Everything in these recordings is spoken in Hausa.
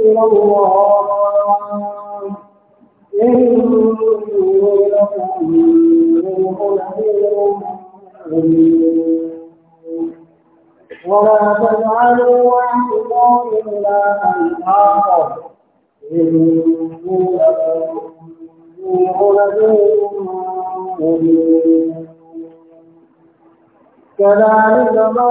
إلى الله إني لكم منه نذير ولا تجعلوا واعتقاد إلى أن آخر إني لكم منه نذير مبين كذلك ما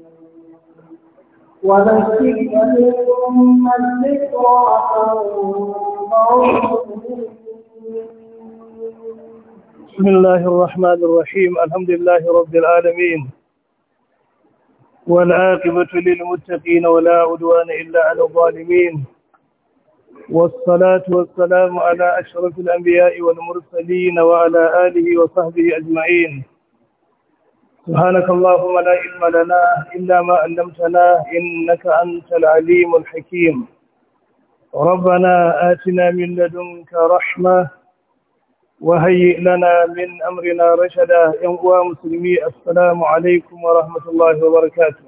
وذكر الذكرى بسم الله الرحمن الرحيم الحمد لله رب العالمين والعاقبة للمتقين ولا عدوان إلا على الظالمين والصلاة والسلام على أشرف الأنبياء والمرسلين وعلى آله وصحبه أجمعين سبحانك اللهم لا علم لنا إلا ما علمتنا إنك أنت العليم الحكيم ربنا آتنا من لدنك رحمة وهيئ لنا من أمرنا رشدا ينقوى مسلمي السلام عليكم ورحمة الله وبركاته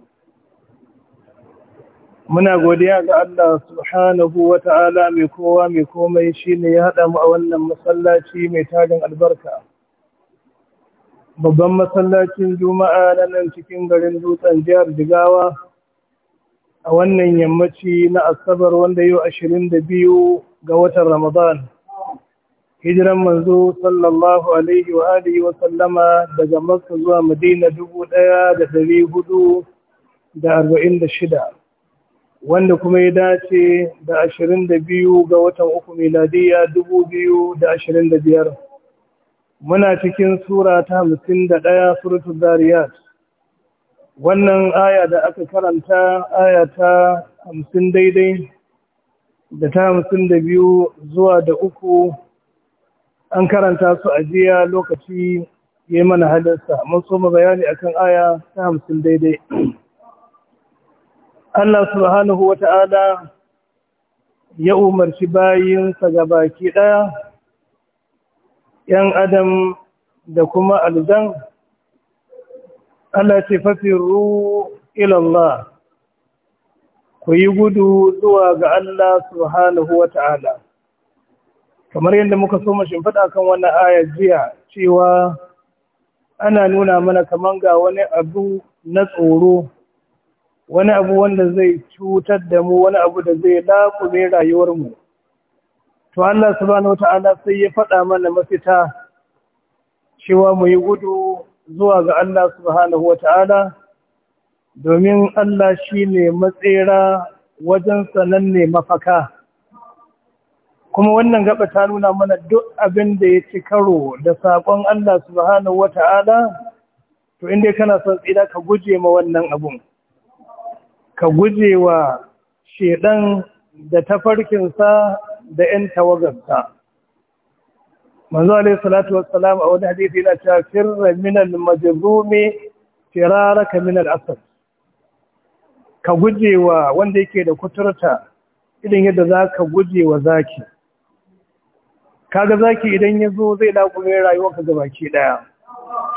muna godiya ga Allah subhanahu ta'ala mai kowa mai komai shine ya haɗa mu a wannan masallaci mai tarin albarka babban masallacin juma'a na nan cikin garin dutsen jihar jigawa a wannan yammaci na asabar wanda yau ashirin da biyu ga watan ramadan hijiran manzo sallallahu alaihi wa alihi wa sallama daga makka zuwa madina dubu ɗaya da dari hudu da arba'in da shida wanda kuma ya dace da ashirin da biyu ga watan uku miladiya dubu biyu da ashirin da biyar muna cikin sura ta hamsin da ɗaya surutu zariyat wannan aya da aka karanta aya ta hamsin daidai da ta hamsin da biyu zuwa da uku an karanta su a jiya lokaci ya yi mana halinsa mun mu bayani akan aya ta hamsin daidai Allah subhanahu wa ta'ala ya umarci bayinsa ga baki ɗaya ‘yan adam da kuma aljan Allah ce fafiru ilallah ku yi gudu zuwa ga Allah subhanahu wa ta'ala. Kamar yadda muka so mashin fada kan wannan ayar jiya cewa ana nuna mana kamar ga wani abu na tsoro, wani abu wanda zai cutar da mu, wani abu da zai laƙume rayuwarmu. to Allah subhanahu wata'ala sai ya faɗa mana mafita cewa mu yi gudu zuwa ga Allah subhanahu wata'ala domin Allah shi ne matsera wajen sanan ne mafaka kuma wannan gaba ta nuna mana duk abin da ya ci karo da saƙon Allah subhanahu wata'ala to inda kana son tsira ka guje ma wannan abun ka guje wa shedan da tafarkinsa da 'yan tawagarsa manzo Alayhi salatu wassalam a wani hadisi na cewa firra minal al-majrumi firaraka minal al Ka ka gujewa wanda yake da kuturta idan yadda za ka guje wa zaki Ka ga zaki idan ya zo zai ka rayuwarka gabaki daya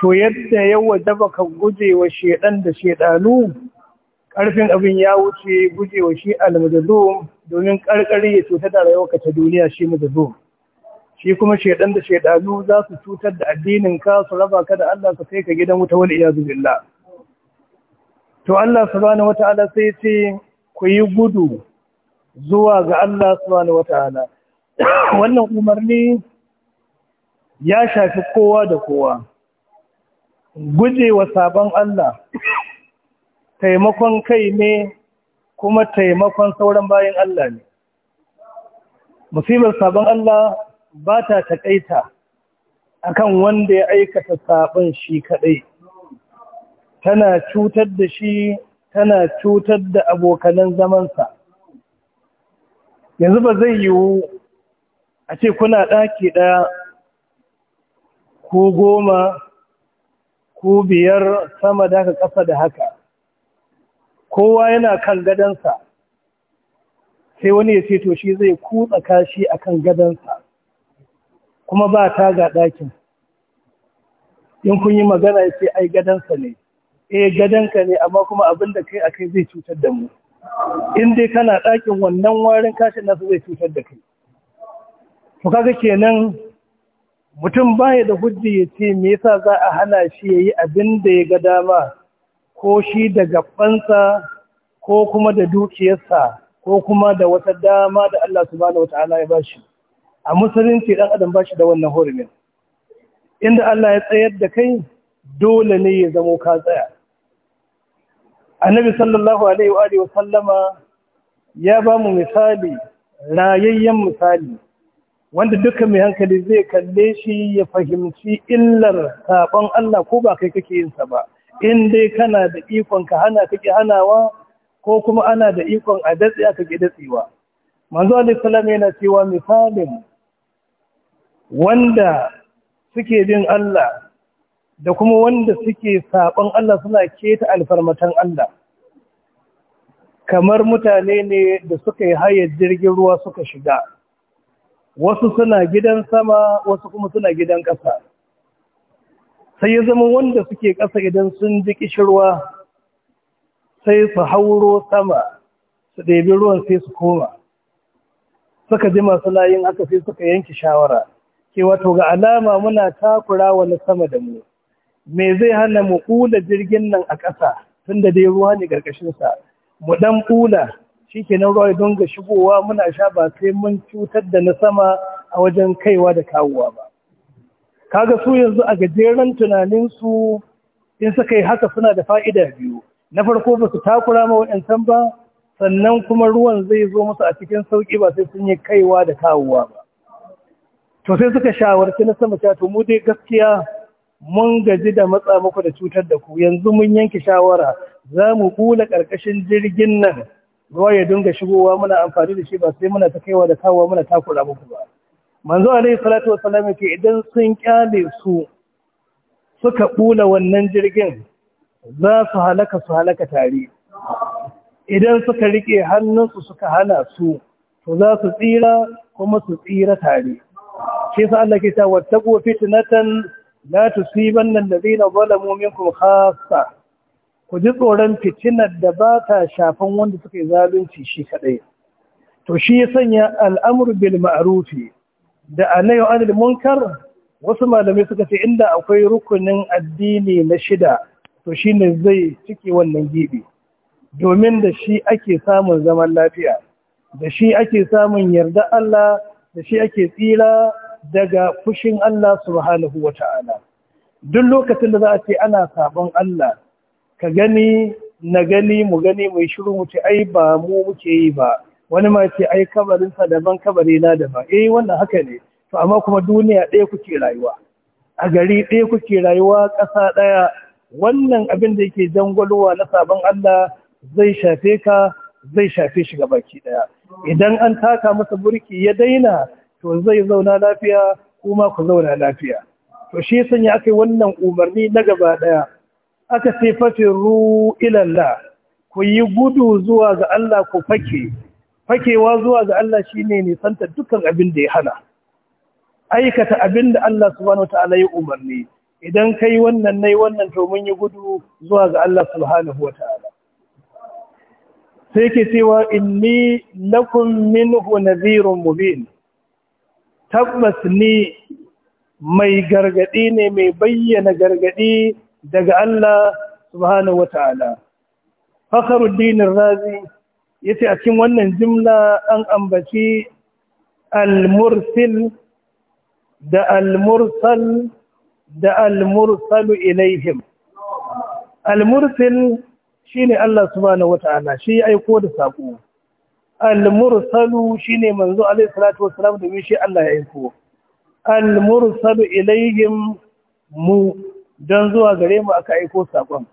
to yadda yawa daba ka guje wa shaidan da shaidanu? ƙarfin abin ya wuce gujewa shi almujallum domin ƙarƙari ya cutar da rayuwarka ta duniya shi mujallum shi kuma shaidan da shaidanu za su cutar da addinin ka su raba ka da Allah ka kai ka gidan wuta wal iyazu billah to Allah subhanahu wataala sai ce ku yi gudu zuwa ga Allah subhanahu wataala wannan umarni ya shafi kowa da kowa Guje wa sabon Allah taimakon kai ne kuma taimakon sauran bayan Allah ne musibar sabon Allah ba ta taƙaita akan wanda ya aikata sabon shi kaɗai tana cutar da shi tana cutar da abokanan zamansa yanzu ba zai yiwu a ce kuna ɗaki ɗaya ko goma ko biyar sama da haka ƙasa da haka kowa yana kan gadansa sai wani ya ce to shi zai kutsa kashi a kan gadansa kuma ba ta ga ɗakin in kun yi magana ya ce ai gadansa ne eh gadanka ne amma kuma abin da kai akai zai cutar da mu in dai kana ɗakin wannan warin kashin nasu zai cutar da kai to kaga kenan mutum baya da hujji ya ce me yasa za a hana shi yayi abin da ya ga dama ko shi da gabansa ko kuma da dukiyarsa ko kuma da wata dama da Allah subhanahu wata'ala ya bashi a musulunci dan adam bashi da wannan hurumin inda Allah ya tsayar da kai dole ne ya zama ka tsaya annabi sallallahu alaihi wa alihi sallama ya ba mu misali rayayyen misali wanda duka mai hankali zai kalle shi ya fahimci illar sabon Allah ko ba kai kake yin sa ba in dai kana da ikon ka hana kake hanawa ko kuma ana da ikon a datse aka ke datsewa manzo alaihi salam yana cewa misalin wanda suke bin Allah da kuma wanda suke sabon Allah suna keta alfarmatan Allah kamar mutane ne da suka yi hayar jirgin ruwa suka shiga wasu suna gidan sama wasu kuma suna gidan ƙasa sai ya zama wanda suke ƙasa idan sun ji kishirwa sai su hauro sama su ɗebi ruwan sai su koma suka ji masu layin haka sai suka yanke shawara ke wato ga alama muna takura wani sama da mu me zai hana mu ƙula jirgin nan a ƙasa tun da dai ruwa ne ƙarƙashinsa mu ɗan ƙula shi kenan ruwa don ga shigowa muna sha ba sai mun cutar da na sama a wajen kaiwa da kawowa ba kaga su yanzu a gajeren tunaninsu in suka yi haka suna da fa'ida biyu na farko ba su takura ma waɗancan ba sannan kuma ruwan zai zo musu a cikin sauƙi ba sai sun yi kaiwa da kawowa ba to sai suka shawarci na sama cewa to mu dai gaskiya mun gaji da matsa muku da cutar da ku yanzu mun yanke shawara za mu kula ƙarƙashin jirgin nan ruwa ya dinga shigowa muna amfani da shi ba sai muna ta kaiwa da kawowa muna takura muku ba manzo alayhi salatu wasallam ke idan sun kyale su suka bula wannan jirgin za su halaka su halaka tare idan suka rike hannunsu suka hana su to za su tsira kuma su tsira tare shi yasa Allah ke cewa taqu fitnatan la tusiban alladhina zalamu minkum khassa ku ji tsoron fitinar da ba ta shafan wanda suka yi zalunci shi kadai to shi ya sanya al'amru bil ma'rufi da anayi anil munkar wasu malamai suka ce inda akwai rukunin addini na shida to shine zai cike wannan gibi domin da shi ake samun zaman lafiya da shi ake samun yarda Allah da shi ake tsira daga fushin Allah subhanahu wa ta'ala. Duk lokacin da za a ce ana sabon Allah, ka gani, na gani, mu gani, mai shiru mu ce, ai ba mu muke yi ba, wani ma ce ai kabarinsa daban kabari na daban eh wannan haka ne to amma kuma duniya ɗaya kuke rayuwa a gari ɗaya kuke rayuwa ƙasa ɗaya wannan abin da yake jangwalowa na sabon Allah zai shafe ka zai shafe shi ga baki ɗaya idan an taka masa burki ya daina to zai zauna lafiya kuma ku zauna lafiya to shi sanya aka yi wannan umarni na gaba ɗaya aka sai fafin ru ilallah ku yi gudu zuwa ga Allah ku fake fakewa zuwa ga Allah shi shine nisanta dukkan abin da ya hana aikata abin da Allah subhanahu ta'ala ya umarni idan ka yi wannan yi wannan to mun yi gudu zuwa ga Allah subhanahu wataala sai ke cewa in ni inni lakum minhu nadhirun mubin tabbas ni mai gargaɗi ne mai bayyana gargaɗi daga Allah subhanahu wataala fakhruddin razi yace a cikin wannan jimla an ambaci al-mursil da al-mursal da al-mursalu ilaihim al-mursil shine Allah subhanahu wataala shi ya aiko da sako al-mursalu shine manzo alaihi salatu wassalam da shi Allah ya aiko al-mursalu ilaihim mu don zuwa gare mu aka aiko sakon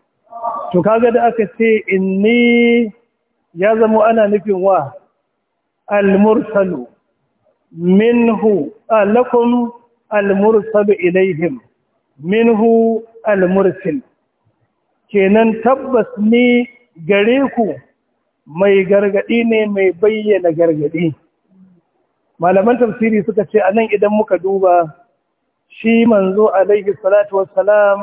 to kaga da aka ce inni ya zama ana nufin wa al-mursalu minhu alakum al-mursalu ilaihim minhu al-mursil kenan tabbas ni gare ku mai gargadi ne mai bayyana gargadi malaman tafsiri suka ce anan idan muka duba shi manzo alaihi salatu wassalam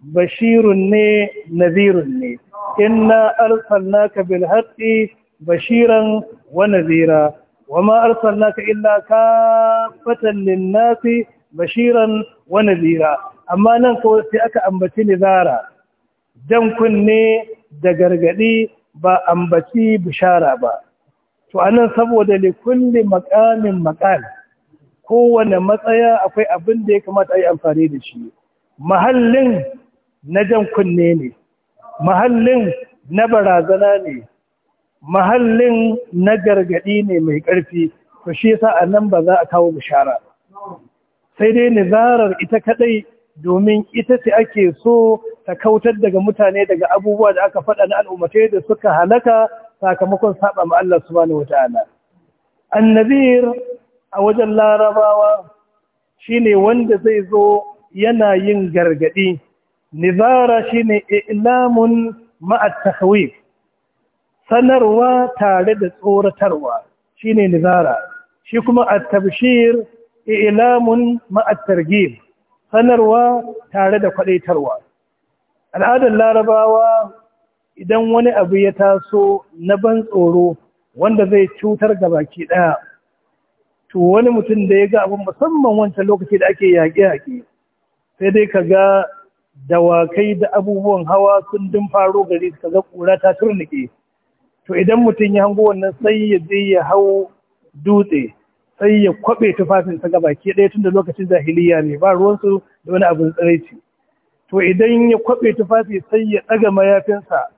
bashirun ne nazirun ne inna arsalnaka bil haqqi bashiran wa nadhira wama arsalnaka illa kafatan lin nasi bashiran wa nadhira amma nan ko sai aka ambaci nizara dan kunne da gargadi ba ambaci bishara ba to anan saboda li kulli maqamin maqal kowane matsaya akwai abin da ya kamata a yi amfani da shi mahallin na jan kunne ne mahallin na barazana ne mahallin na gargaɗi ne mai ƙarfi to shi yasa a nan ba za a kawo bishara sai dai nizarar ita kaɗai domin ita ce ake so ta kautar daga mutane daga abubuwa da aka faɗa na al'ummatai da suka halaka sakamakon saba ma Allah subhanahu wataala annabir a wajen larabawa shine wanda zai zo yana yin gargadi nizara shine i'lamun ma'a sanarwa tare da tsoratarwa shine nizara shi kuma at-tabshir i'lamun ma'a targhib sanarwa tare da kwadaitarwa al'adar larabawa idan wani abu ya taso na ban tsoro wanda zai cutar ga baki ɗaya, to wani mutum da ya ga abin musamman wancan lokaci da ake yaƙe-yaƙe sai dai ka ga dawakai da abubuwan hawa sun dun faro gari suka ga kura ta turnike to idan mutum ya hango wannan sai ya je ya hau dutse sai ya kwabe tufafin sa gaba ke ɗaya tun da lokacin jahiliya ne ba ruwansu da wani abin tsiraici to idan ya kwabe tufafi sai ya tsaga mayafinsa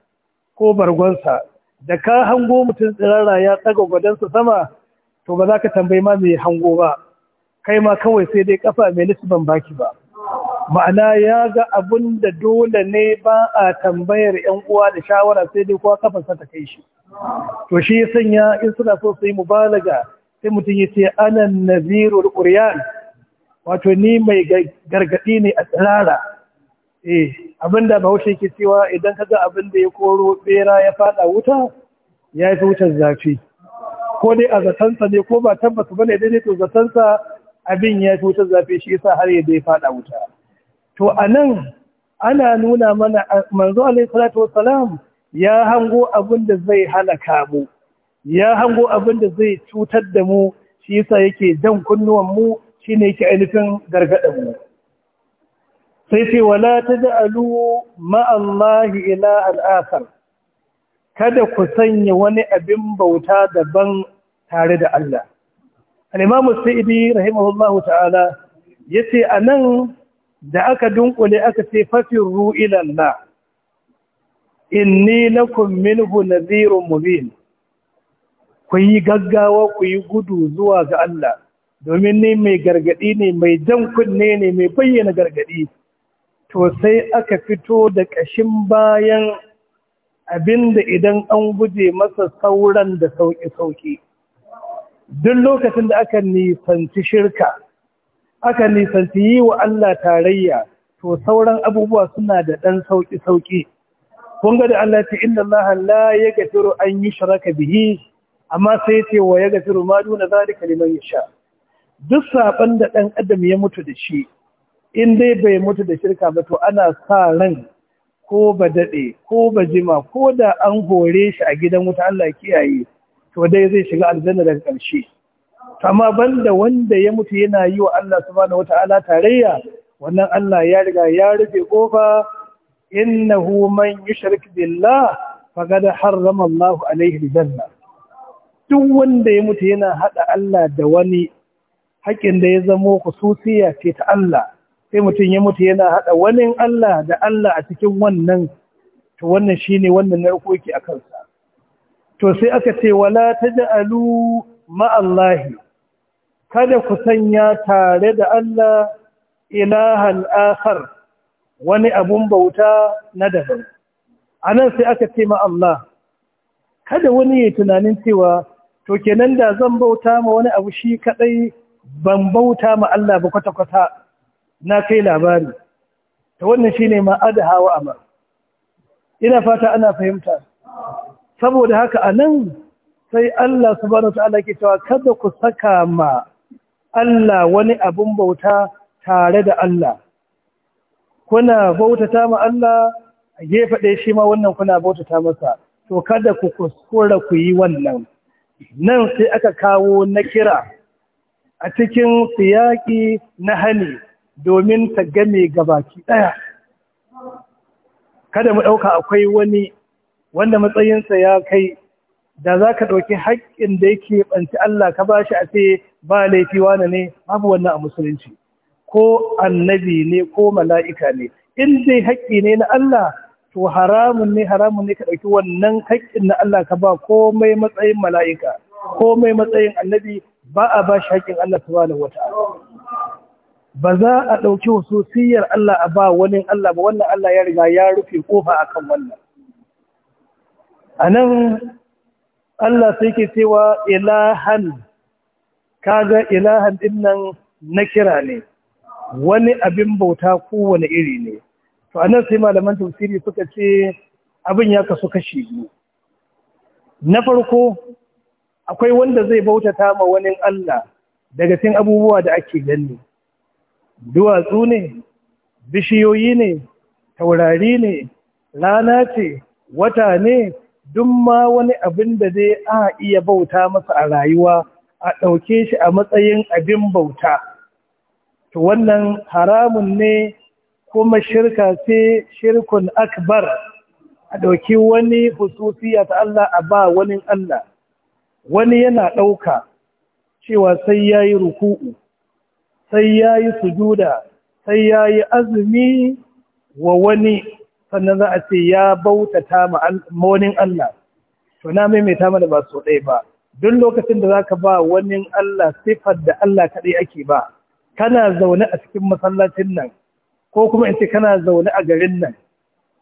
ko bargonsa da ka hango mutum tsirara ya tsaga gwadonsa sama to ba za ka tambayi ma mai hango ba kai ma kawai sai dai kafa mai nisban baki ba ma'ana ya ga abin da dole ne ba a tambayar ‘yan uwa da shawara sai dai kuwa kafarsa ta kai shi. To shi sanya in suna so su yi mubalaga sai mutum ya ce anan nazirul ƙuryan wato ni mai gargaɗi ne a tsirara. Eh, abin da bahaushe ke cewa idan ka ga abin da ya koro bera ya faɗa wuta ya fi wutar zafi. Ko dai a zatansa ne ko ba tabbata bane ne to zatansa abin ya fi wutar zafi shi yasa har ya dai faɗa wuta. to a nan ana nuna mana manzo alaihi salatu wassalam ya hango abin da zai halaka mu ya hango abin da zai cutar da mu shi yasa yake jan kunnuwan mu shine yake ainihin gargadan mu sai ce wala taj'alu ma Allah ila al-akhar kada ku sanya wani abin bauta daban tare da Allah al-imam sa'idi rahimahullahu ta'ala yace anan da aka dunkule aka ce fafin ilallah inni lakum minhu nadhirun mubin ku yi gaggawa ku yi gudu zuwa ga Allah domin ni mai gargadi ne mai jan kunne ne mai bayyana gargadi to sai aka fito da kashin bayan abinda idan an guje masa sauran da sauki sauki duk lokacin da aka nisanci shirka aka nisanci yi wa Allah tarayya to sauran abubuwa suna da ɗan sauƙi-sauƙi. Kun da Allah ta inda Allah la ya gafiru an yi shiraka bihi, amma sai ce wa ya gafiru ma duna za da kaliman ya sha. Duk saɓan da ɗan adam ya mutu da shi, in dai bai mutu da shirka ba to ana sa ran ko ba daɗe ko ba jima ko da an hore shi a gidan wuta Allah kiyaye to dai zai shiga aljanna daga ƙarshe. amma banda wanda ya mutu yana yi wa Allah subhanahu wata'ala tarayya wannan Allah ya riga ya rufe kofa innahu man yushrik billah faqad harrama Allah alaihi janna duk wanda ya mutu yana hada Allah da wani haƙin da ya zamo kususiya ce ta Allah sai mutum ya mutu yana hada wani Allah da Allah a cikin wannan to wannan shine wannan narkoki a kansa to sai aka ce wala taj'alu ma'allahi kada ku sanya tare da Allah ilahan akhar wani abun bauta na daban a nan sai aka ce ma'allah kada wani ya tunanin cewa to kenan da zan bauta ma wani abu shi kadai ban bauta ma Allah ba kwata-kwata na kai labari ta wannan shi ne ma'ada hawa amar ina fata ana fahimta saboda haka a nan sai Allah subhanahu ta'ala ke cewa kada ku saka ma Allah wani abin bauta tare da Allah kuna bautata ma Allah a gefe ɗaya shi ma wannan kuna bautata masa to kada ku kuskura ku yi wannan nan sai aka kawo na kira a cikin siyaƙi na hani domin ta game gabaki ɗaya kada mu ɗauka akwai wani wanda matsayinsa ya kai da za ka ɗauki haƙƙin da yake ɓanci Allah ka ba shi a ce ba laifi wane ne babu wannan a musulunci ko annabi ne ko mala'ika ne in dai haƙƙi ne na Allah to haramun ne haramun ne ka ɗauki wannan haƙƙin na Allah ka ba komai matsayin mala'ika komai matsayin annabi ba a ba shi haƙƙin Allah subhanahu wata ba za a ɗauki hususiyar Allah a ba wani Allah ba wannan Allah ya riga ya rufe ƙofa akan kan wannan. A nan Allah sai ke cewa ilahan kaga ilahan din na kira ne wani abin bauta kowane iri ne to anan sai malaman tafsiri suka ce abin ya kasu kashi biyu na farko akwai wanda zai bautata ma wani Allah daga cikin abubuwa da ake gani duwatsu ne bishiyoyi ne taurari ne rana ce wata ne duk ma wani abin da zai a iya bauta masa a rayuwa a ɗauke shi a matsayin abin bauta to wannan haramun ne kuma shirka ce shirkun akbar a ɗauki wani hususiya ta Allah a ba wani Allah wani yana ɗauka cewa sai ya yi ruku'u sai ya yi sujuda sai ya yi azumi wa wani sannan za a ce ya bautata ma wani Allah to na maimaita mana ba so ɗaya ba duk lokacin da zaka ba wani Allah sifar da Allah kaɗai ake ba kana zaune a cikin masallacin nan ko kuma in ce kana zaune a garin nan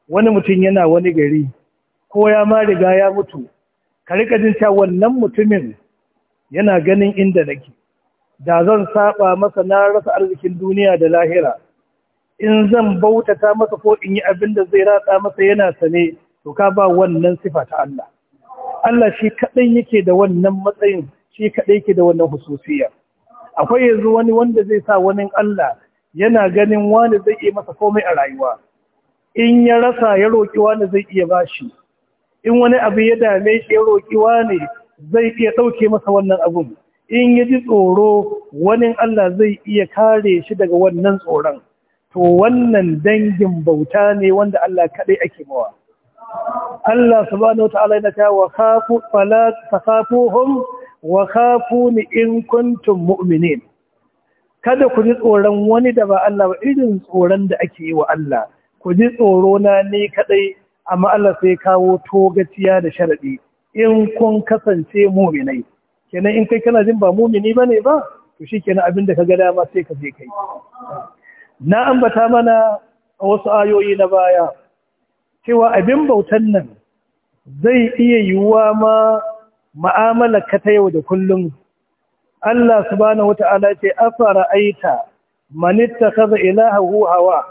wani mutum yana wani gari ko ya ma riga ya mutu ka rika jin cewa wannan mutumin yana ganin inda nake da zan saba masa na rasa arzikin duniya da lahira in zan bautata masa ko in yi abin da zai ratsa masa yana sane to ka ba wannan sifa ta Allah Allah shi kaɗai yake da wannan matsayin shi kaɗai yake da wannan hususiya akwai yanzu wani wanda zai sa wani Allah yana ganin wani zai iya masa komai a rayuwa in ya rasa ya roƙi wani zai iya bashi in wani abu ya dame shi ya roƙi wani zai iya ɗauke masa wannan abun in ya ji tsoro wani Allah zai iya kare shi daga wannan tsoron to wannan dangin bauta ne wanda Allah kaɗai ake mawa Allah subhanahu wa ta'ala yana ta wa khafu fala takhafuhum wa ni in kuntun mu'minin kada ku ji tsoron wani da ba Allah ba irin tsoron da ake yi wa Allah ku ji tsoro na ne kaɗai amma Allah sai kawo togaciya da sharaɗi in kun kasance mu'minai kenan in kai kana jin ba mu'mini ne ba to kenan abin da ka ga dama sai ka je kai na ambata mana a wasu ayoyi na baya cewa abin bautan nan zai iya yiwuwa ma ma'amalar ka ta yau da kullum Allah subhanahu wata'ala ce afara aita man ittakhadha ilaha huhawa.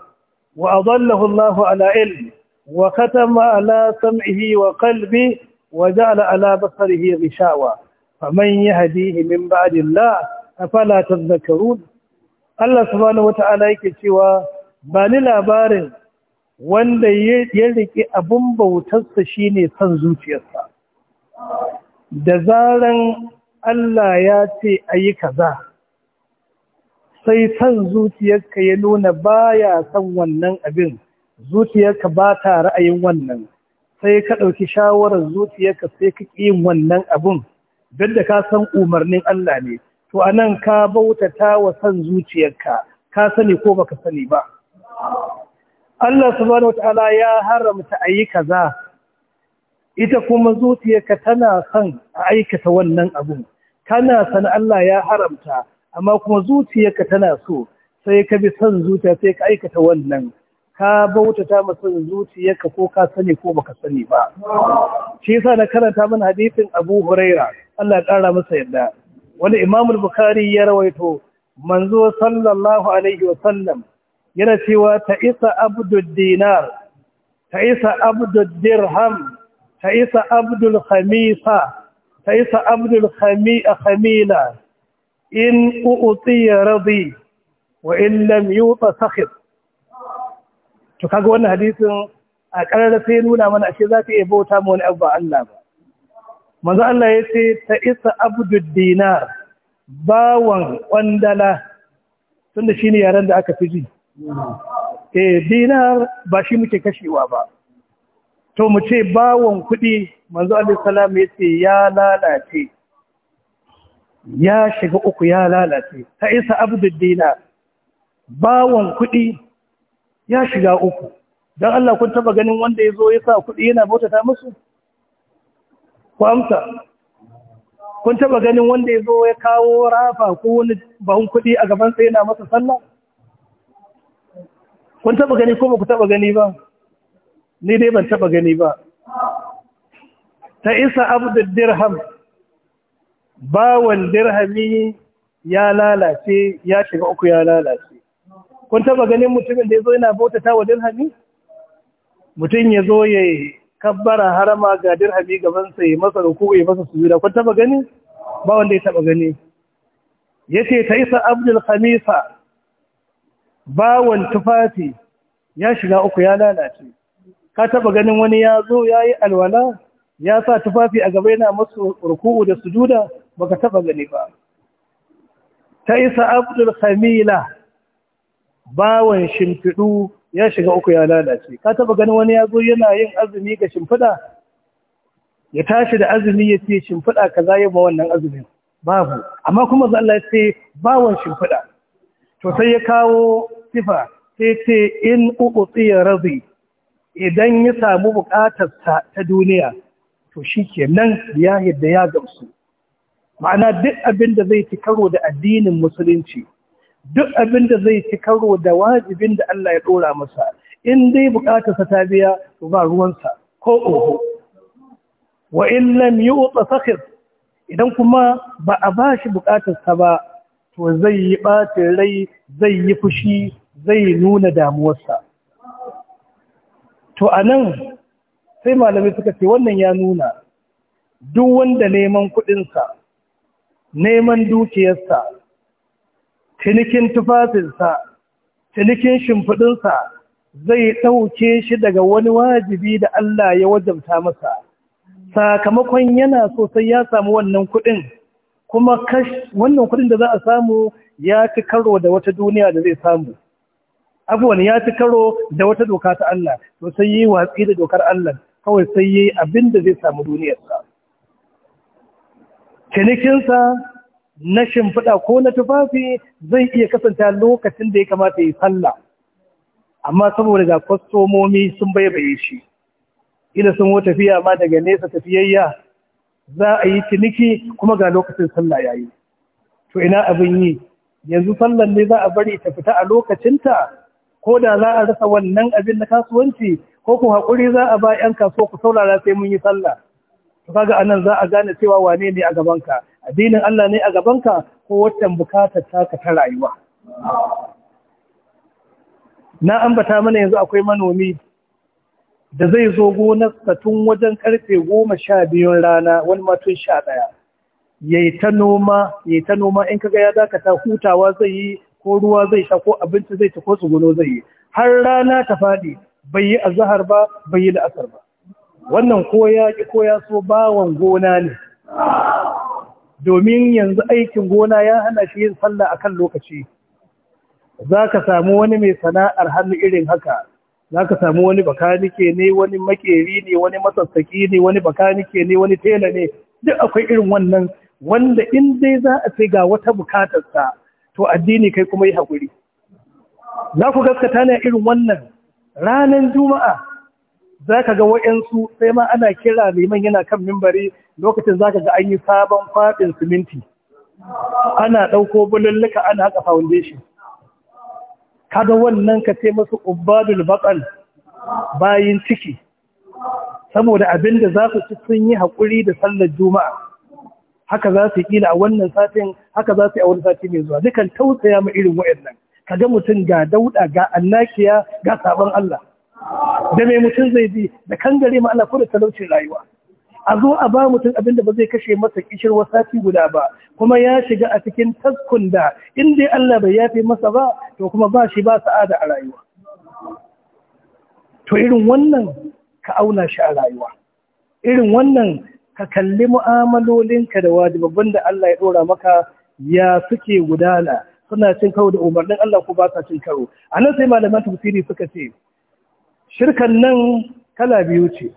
wa adallahu Allahu ala ilmi wa katama ala sam'ihi wa qalbi wa ja'ala ala basarihi ghishawa faman yahdihi min ba'di afala tadhakkarun Allah subhanahu wata'ala yake cewa ba ni labarin wanda ya riƙe abun bautarsa shine san zuciyarsa da zaran Allah ya ce ayi kaza sai san zuciyarka ya nuna baya son wannan abin zuciyarka ba ta ra'ayin wannan sai ka ɗauki shawarar zuciyarka sai ka ƙi yin wannan abun, duk da ka san umarnin Allah ne to anan ka bautata wa san zuciyarka ka sani ko baka sani ba Allah subhanahu wataala ya haramta ayi kaza ita kuma zuciyarka tana san a aikata wannan abun kana san Allah ya haramta amma kuma zuciyarka tana so sai ka bi san zuciya sai ka aikata wannan ka bautata san zuciyarka ko ka sani ko baka sani ba shi yasa na karanta mana hadisin Abu Huraira Allah ya kara masa yadda Wani Imam Bukhari ya rawaito manzo sallallahu alaihi wa sallam yana cewa ta isa abdul dinar ta isa abdul dirham ta abdul khamisa ta isa abdul khamila in u'tiya radi wa in lam yuta sakhib to kaga wannan hadisin a ƙarar sai nuna mana ashe za ka iya bauta ma wani abu ba Allah ba manzo Allah ya ce ta isa abdud dinar bawan kwandala tunda shine yaran da aka fi ji eh dinar ba shi muke kashewa ba to mu ce bawan kuɗi manzo Allah salam ya ce ya lalace ya shiga uku ya lalace ta isa abdud dinar bawan kuɗi ya shiga uku don Allah kun taba ganin wanda ya zo ya sa kuɗi yana bauta ta musu ku amsa kun taba ganin wanda ya zo ya kawo rafa ko wani bahun kuɗi a gaban sai yana masa sallah kun taba gani ko ba ku taba gani ba ni dai ban taba gani ba ta isa abdul dirham bawan dirhami ya lalace ya shiga uku ya lalace kun taba ganin mutumin da ya zo yana bautata wa dirhami mutum ya zo ya kabbara harama ga dirhami gaban sai masa ruku ya masa sujuda kun taba gani ba wanda ya taba gani yace taisa abdul khamisa bawan tufafi ya shiga uku ya lalace ka taba ganin wani ya zo ya yi alwala ya sa tufafi a gaba yana masa ruku'u da sujuda baka taba gani ba taisa abdul khamila bawan shimfidu ya shiga uku ya lalace ka taba ganin wani ya zo yana yin azumi ga shimfiɗa ya tashi da azumi ya ce shimfiɗa kaza ya ba wannan azumin babu amma kuma za Allah ya ce bawon shimfiɗa to sai ya kawo sifa sai ce in uku tsiya razi idan ya samu bukatarsa ta duniya to shikenan ya yadda ya gamsu ma'ana duk abin da zai ci karo da addinin musulunci duk abin da zai ci karo da wajibin da Allah ya ɗora masa in dai bukatarsa ta biya to ba ruwansa ko oho wa in lam yu'ta sakhir idan kuma ba a bashi bukatarsa ba to zai yi bata rai zai yi fushi zai nuna damuwarsa to anan sai malamai suka ce wannan ya nuna duk wanda neman kuɗinsa neman dukiyarsa cinikin tufafinsa cinikin shimfiɗinsa zai ɗauke shi daga wani wajibi da Allah ya wajabta masa sakamakon yana sosai ya samu wannan kuɗin kuma wannan kuɗin da za a samu ya ci karo da wata duniya da zai samu wani ya ci karo da wata doka ta Allah to sai yi watsi da dokar Allah kawai sai yi abin da zai samu duniyarsa cinikinsa na shimfiɗa ko na tufafi zai iya kasanta lokacin da ya kamata ya sallah amma saboda ga kwastomomi sun baibaye shi ila sun wo tafiya ma daga nesa tafiyayya za a yi ciniki kuma ga lokacin sallah yayi to ina abin yi yanzu sallan ne za a bari ta fita a lokacinta ko da za a rasa wannan abin na kasuwanci ko ku haƙuri za a ba 'yan kasuwa ku saurara sai mun yi sallah to kaga anan za a gane cewa wane ne a gabanka addinin Allah ne a gabanka ko watan bukatar taka ta rayuwa na ambata mana yanzu akwai manomi da zai zo gona tun wajen karfe goma sha biyun rana wani matun sha ɗaya ya ta noma ya yi ta noma in kaga ya dakata hutawa zai yi ko ruwa zai sha ko abinci zai ta ko tsuguno zai yi har rana ta faɗi bai yi azahar ba bai yi la'asar ba wannan ko ya ko ya so bawan gona ne domin yanzu aikin gona ya hana shi yin sallah akan lokaci za ka samu wani mai sana'ar hannu irin haka za ka samu wani bakanike ne wani makeri ne wani matsatsaki ne wani bakanike ne wani tela ne duk akwai irin wannan wanda in dai za a ce ga wata bukatarsa to addini kai kuma yi haƙuri za ku gaskata ne irin wannan ranar juma'a za ka ga wa'yansu sai ma ana kira liman yana kan mimbari lokacin za ka ga an yi sabon faɗin siminti ana ɗauko bululluka ana haka foundation kaga wannan ka ce masu ubadul batsal bayan ciki saboda abin da za su ci sun yi haƙuri da sallar juma'a haka za su yi a wannan satin haka za su yi a wani sati mai zuwa dukan tausaya ma irin Ka ga mutum ga dauɗa ga annakiya ga sabon Allah da mai mutum zai bi da kangare ma Allah ko da talaucin rayuwa a zo a ba mutum abin da ba zai kashe masa kishirwa sati guda ba kuma ya shiga a cikin taskun da inda Allah bai yafe masa ba to kuma ba shi ba sa'ada a rayuwa to irin wannan ka auna shi a rayuwa irin wannan ka kalli mu'amalolinka da wajibabban da Allah ya dora maka ya suke gudana suna cin karo da umarnin Allah ko ba sa cin karo a nan sai malaman tafsiri suka ce shirkan nan kala biyu ce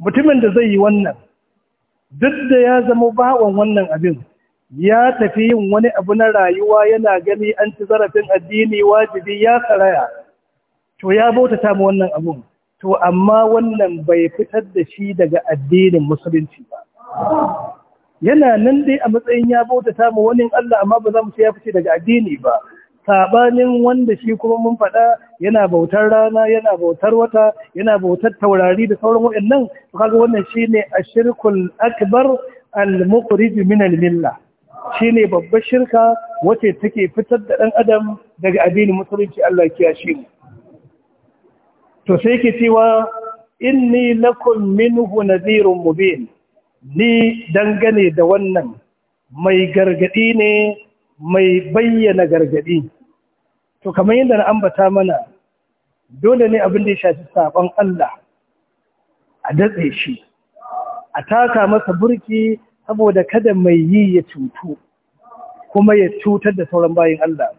mutumin da zai yi wannan duk da ya zama bawan wannan abin ya tafi yin wani abu na rayuwa yana gani an ci zarafin addini wajibi ya karaya to ya bautata mu wannan abun to amma wannan bai fitar da shi daga addinin musulunci ba yana nan dai a matsayin ya bautata mu wani Allah amma ba za mu ce ya fice daga addini ba Sabanin wanda shi kuma mun faɗa yana bautar rana yana bautar wata yana bautar taurari da sauran waɗannan to kaga wannan shine ashirkul akbar al-mukhrij min al-milla shine babbar shirka wace take fitar da ɗan adam daga addinin musulunci Allah ya shi mu to sai yake cewa inni lakum minhu nadhirun mubin ni dangane da wannan mai gargadi ne mai bayyana gargadi to kamar yadda na ambata mana dole ne abin da ya shafi sabon Allah a datse shi a taka masa burki saboda kada mai yi ya cutu kuma ya cutar da sauran bayan Allah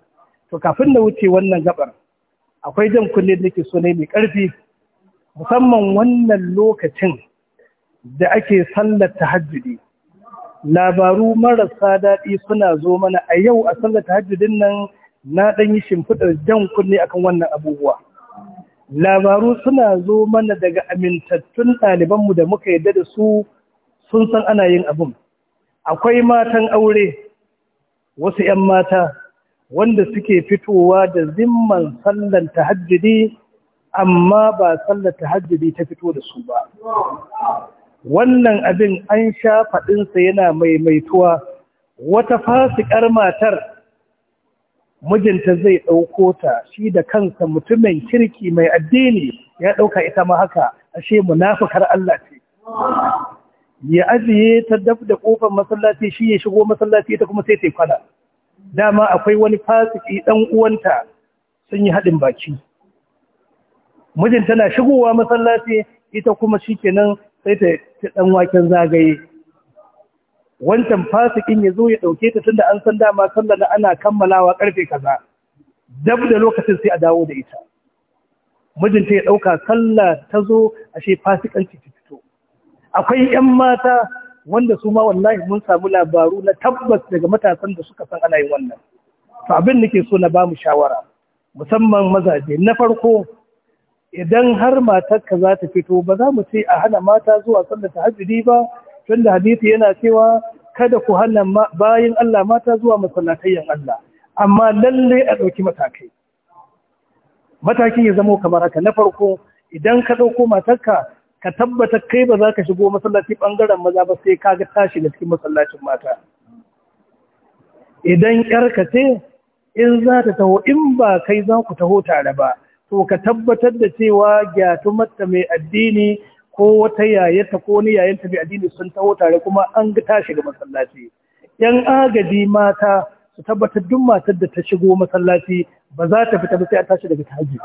to kafin na wuce wannan gabar akwai jan kunne da ke so ne mai karfi musamman wannan lokacin da ake sallar tahajjudi labaru marasa daɗi suna zo mana a yau a sallar tahajjudin nan na ɗan yi shimfiɗar jan kunne akan wannan abubuwa labaru suna zo mana daga amintattun ɗalibanmu da muka yadda da su sun san ana yin abin akwai matan aure wasu 'yan mata wanda suke fitowa da zimman sallar tahajjudi amma ba sallar tahajjudi ta fito da su ba wannan abin an sha faɗinsa yana maimaituwa wata fasikar matar mijinta zai ɗauko ta shi da kansa mutumin kirki mai addini ya ɗauka ita ma haka ashe munafukar Allah ce ya ajiye ta daf da ƙofar masallaci shi ya shigo masallaci ita kuma sai ta kwana dama akwai wani fasiki ɗan uwanta sun yi haɗin baki Mijinta na shigowa masallaci ita kuma shi kenan sai ta ta ɗan waken zagaye wancan fasikin ya zo ya ɗauke ta tunda an san dama sallar ana kammalawa karfe kaza dab da lokacin sai a dawo da ita mijinta ya ɗauka kalla ta zo ashe fasikanci ta fito akwai 'yan mata wanda su ma wallahi mun samu labaru na tabbas daga matasan da suka san ana yin wannan to abin nake so na bamu shawara musamman mazaje na farko idan har matarka za ta fito ba za mu ce a hana mata zuwa sallar tahajjudi ba tunda hadisi yana cewa kada ku hana bayan Allah mata zuwa masallatayyan Allah amma lalle a ɗauki matakai matakin ya zama kamar haka na farko idan ka ɗauko matarka ka tabbata kai ba za ka shigo masallaci bangaren maza ba sai ka ga tashi da cikin masallacin mata idan 'yarka ce in za ta taho in ba kai za ku taho tare ba to ka tabbatar da cewa gyatumarta mai addini ko wata yayata ko wani yayanta bi addini sun taho tare kuma an ga tashi ga masallaci yan agadi mata su tabbatar duk matar da ta shigo masallaci ba za ta fita ba sai a tashi daga taji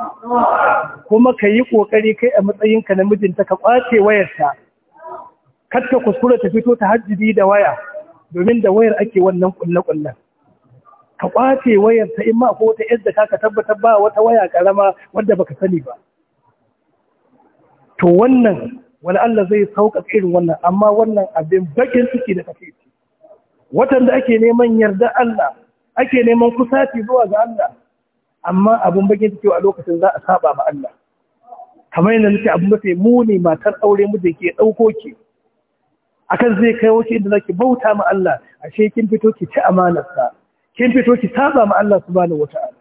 kuma ka yi kokari kai a matsayin ka na mijinta ka kwace wayarta kar ka kuskura ta fito ta hajjibi da waya domin da wayar ake wannan kulle-kullen ka kwace wayarta in ma ko wata yadda ka tabbatar ba wata waya karama wadda baka sani ba to wannan wani Allah zai sauƙaƙa irin wannan amma wannan abin bakin ciki da kake ci watan da ake neman yarda Allah ake neman kusaci zuwa ga Allah amma abin bakin ciki a lokacin za a saba ma Allah kamar yadda nake abin mafi muni matar aure da ke ɗauko ki akan zai kai wace inda zaki bauta ma Allah ashe kin fito ki ci amanarsa kin fito ki saba ma Allah subhanahu wataala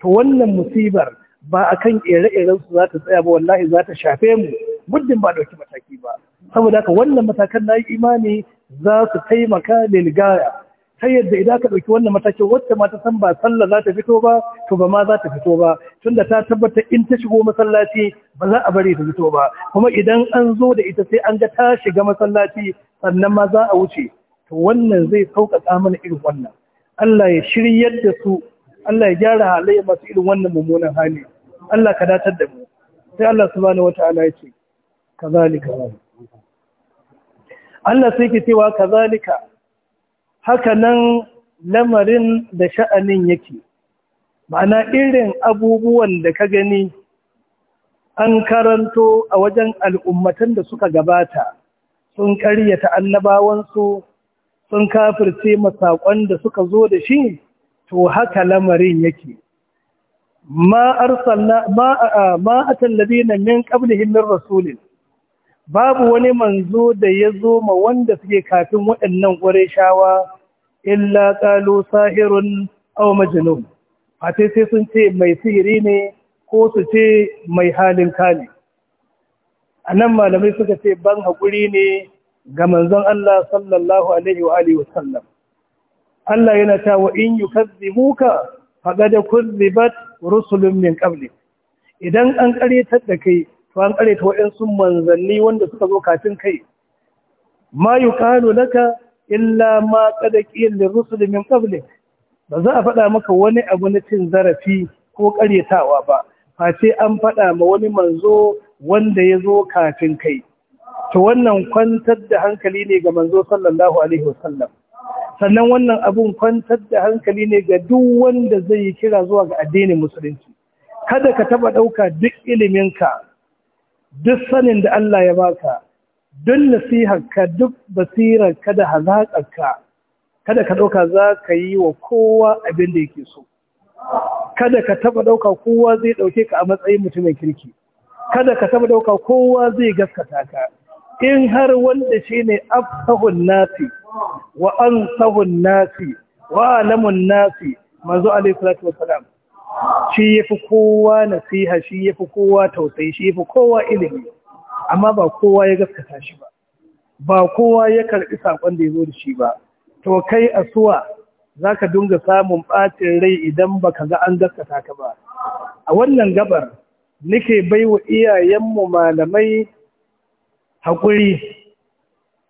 to wannan musibar ba a kan ƙere ƙerensu su za ta tsaya ba wallahi za ta shafe mu muddin ba ɗauki mataki ba saboda haka wannan matakan na imani za su taimaka lilgaya ta yadda idan ka ɗauki wannan matakin wacce ma ta san ba sallah za ta fito ba to ba ma za ta fito ba tunda ta tabbatar in ta shigo masallaci ba za a bari ta fito ba kuma idan an zo da ita sai an ga ta shiga masallaci sannan ma za a wuce to wannan zai sauƙaƙa mana irin wannan Allah ya shiryar da su Allah ya gyara halayya masu irin wannan mummunan hali Allah ka datar da mu sai Allah subhanahu wata'ala ya ce kazalika Allah sai ke cewa kazalika haka nan lamarin da sha'anin yake ma'ana irin abubuwan da ka gani an karanto a wajen al'ummatan da suka gabata sun karyata annabawansu sun kafirce masaƙon da suka zo da shi to haka lamarin yake ma a ma na min qablihim min rasulin babu wani manzo da ya zo ma wanda suke kafin waɗannan shawa illa qalu sahirun aw majnun fate sai sun ce mai sihiri ne ko su ce mai halin kali anan malamai suka ce ban haƙuri ne ga manzon Allah sallallahu alaihi wa alihi sallam Allah yana cewa in yukazzimuka kun kuzzibat rusulun min ƙabli idan an ƙaretar da kai to an ƙareta waɗansu manzanni wanda suka zo kafin kai ma yuqalu laka illa ma qad qila rusulun min ƙabli ba za a faɗa maka wani abu na cin zarafi ko ƙaretawa ba face an faɗa ma wani manzo wanda ya zo kafin kai to wannan kwantar da hankali ne ga manzo sallallahu alaihi wasallam sannan wannan abun kwantar da hankali ne ga duk wanda zai yi kira zuwa ga addinin musulunci kada ka taba ɗauka duk iliminka duk sanin da Allah ya baka duk ka duk basirar da hazaƙarka kada ka ɗauka za ka yi wa kowa abin da yake so kada ka taba ɗauka kowa zai ɗauke ka a matsayin mutumin kirki kada ka taba ɗauka kowa zai gaskata ka in har wanda shine afsahun nasi wa sahun nasi wa alamun nasi Mazu alaihi salatu wassalam shi yafi kowa nasiha shi yafi kowa tausayi shi yafi kowa ilimi amma ba kowa ya gaskata shi ba ba kowa ya karɓi sakon da yazo da shi ba to kai a asuwa zaka dinga samun bacin rai idan baka ga an gaskata ka ba a wannan gabar nake baiwa iyayenmu malamai haƙuri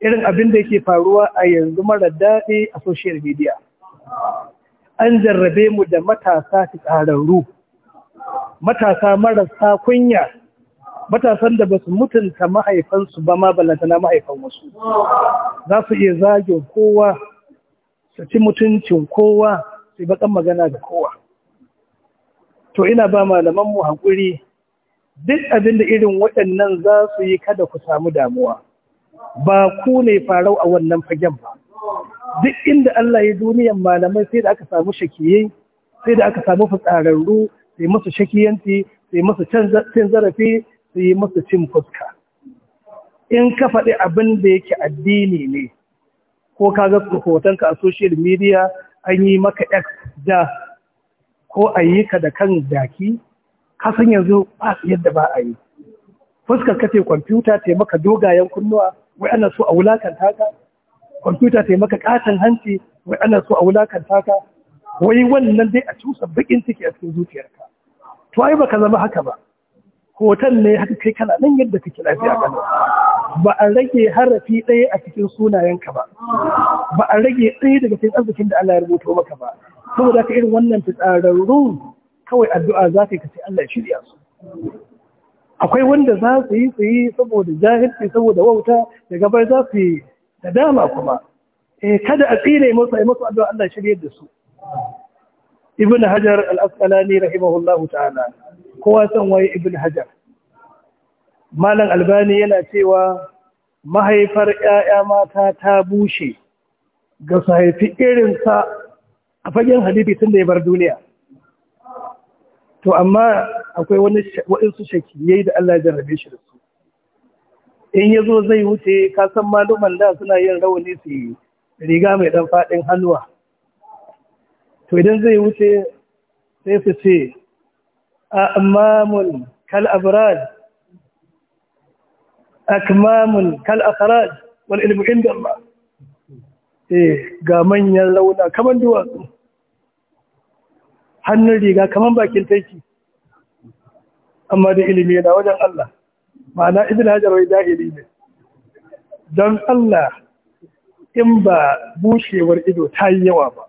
irin abin da yake faruwa a yanzu mara daɗi a social media an jarrabe mu da matasa ƙararru. matasa marasa kunya matasan da ba su mutunta mahaifansu ba ma ballantana mahaifan wasu za su iya zagin kowa su ci mutuncin kowa su yi baƙan magana da kowa to ina ba malamanmu haƙuri duk abin da irin waɗannan za su yi kada ku samu damuwa ba ku ne farau a wannan fagen ba duk inda Allah ya duniyan malamai sai da aka samu shakiye sai da aka samu fitsararru sai masu shakiyanci sai masu cin zarafi sai masu cin fuska in ka faɗi abin da yake addini ne ko ka ga hotonka a social media an yi maka x da ko ayi ka da kan daki ka san yanzu ba yadda ba a yi fuskar ka ce kwamfuta taimaka dogayen kunnuwa wai ana a wulakanta ka kwamfuta ta maka katon hanci wai ana a wulakanta ka wai wannan dai a cusa bakin ciki a cikin zuciyarka to ai baka zama haka ba hoton ne haka kai kana nan yadda kake lafiya Kano. ba a rage harafi ɗaya a cikin sunayenka ba ba a rage ɗaya daga cikin arzikin da Allah ya rubuto maka ba saboda ka irin wannan fitsararrun kawai addu'a za ka yi ka ce Allah ya shirya su akwai wanda za su yi su yi saboda jahilci saboda wauta da gabar za su yi da dama kuma E, kada a tsire musu ai musu addu'a Allah shirye da su ibn hajar al rahimahullahu ta'ala kowa san waye ibn hajar malam albani yana cewa mahaifar 'ya'ya mata ta bushe ga su haifi irinsa a fagen hadisi tun da ya bar duniya to amma akwai wani waɗansu shakiyai da Allah ya jarrabe shi da su in ya zo zai wuce ka san maluman da suna yin rawani su riga mai dan faɗin hannuwa to idan zai wuce sai su ce a ammamun kal abrad akmamun kal akhraj wal ilmu inda Allah eh ga manyan launa kaman duwatsu hannun riga kamar bakin taiki amma da ilimi na wajen Allah ma'ana ibn hajar wai ne don Allah in ba bushewar ido ta yi yawa ba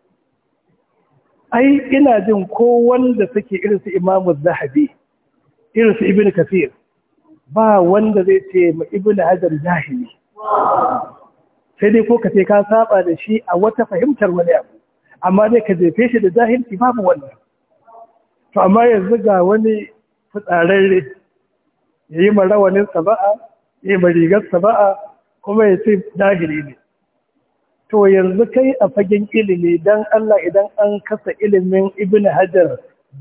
ai ina jin ko wanda suke irin imamu zahabi irinsu ibn kafir ba wanda zai ce ma ibn hajar jahili sai dai ko ka ce ka saba da shi a wata fahimtar wani abu amma dai ka jefe shi da zahilci babu wannan to amma yanzu ga wani fitsararre ya yi marawanin saba'a ya yi marigar saba'a kuma ya ce dahiri ne to yanzu kai a fagen ilimi don Allah idan an kasa ilimin ibn hajar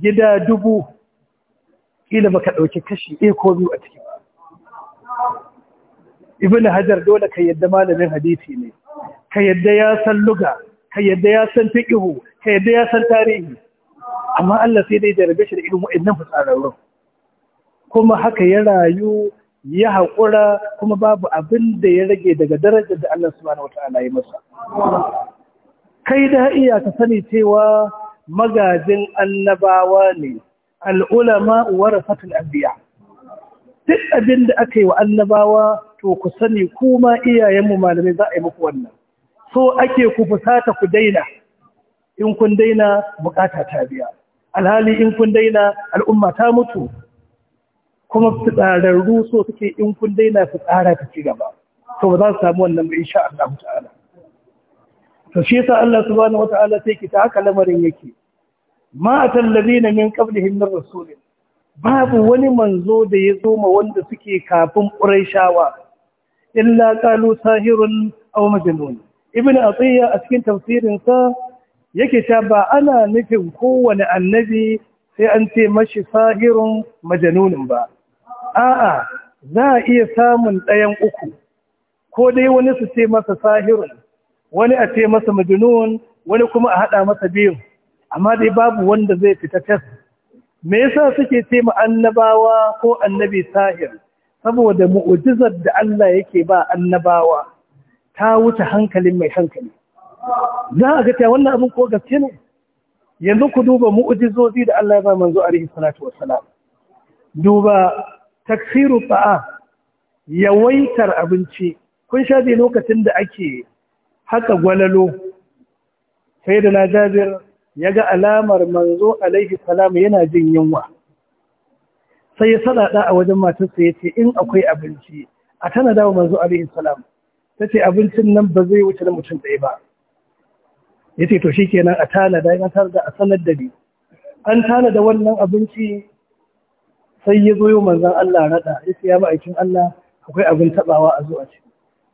gida dubu kila baka ɗauki kashi ɗaya ko biyu a cikin ba ibn hajar dole ka yadda malamin hadisi ne ka yadda ya san luga ka yadda ya san fiƙihu ka yadda ya san tarihi amma Allah sai dai jarabe shi da irin waɗannan fitsararrun kuma haka ya rayu ya haƙura kuma babu abin da ya rage daga darajar da Allah subhanahu wata'ala ya masa kai da iya ka sani cewa magajin annabawa ne al'ulama warasatul anbiya duk abin da aka yi wa annabawa to ku sani kuma iyayenmu malamai za a yi muku wannan so ake ku fusata ku daina in kun daina bukata ta biya alhali in kun daina al'umma ta mutu kuma fitsararru so suke in kun daina fitsara ta ci gaba to ba za su samu wannan ba sha Allah ta'ala to shi yasa Allah subhanahu wata'ala sai ki ta haka lamarin yake ma atallabina min qablihim min rasulin babu wani manzo da ya zo ma wanda suke kafin ƙuraishawa illa qalu sahirun aw majnun ibn atiya a cikin tafsirinsa yake ta ba ana nufin kowane annabi sai an ce mashi sahirun majanunin ba a'a za a iya samun ɗayan uku ko dai wani su ce masa sahirun wani a ce masa majnun wani kuma a haɗa masa biyun. amma dai babu wanda zai fita tas me yasa suke ce ma annabawa ko annabi sahir saboda mu'ujizar da Allah yake ba annabawa ta wuce hankalin mai hankali za a ga ta wannan abin ko gaske ne yanzu ku duba mu'ujizozi da Allah ya ba manzo alaihi salatu wassalam duba taksiru ta'a yawaitar abinci kun sha dai lokacin da ake haka gwalalo sai da na jabir ya ga alamar manzo alaihi salam yana jin yunwa sai ya da a wajen matarsa ya ce in akwai abinci a tana dawo manzo alaihi salam ta ce abincin nan ba zai wuce na mutum ɗaya ba ya ce to shi kenan a tanada ya da a sanar da ni an tanada wannan abinci sai ya zo yi manzan Allah rada ya ce ya ma'aikin Allah akwai abin tabawa a zuwa ce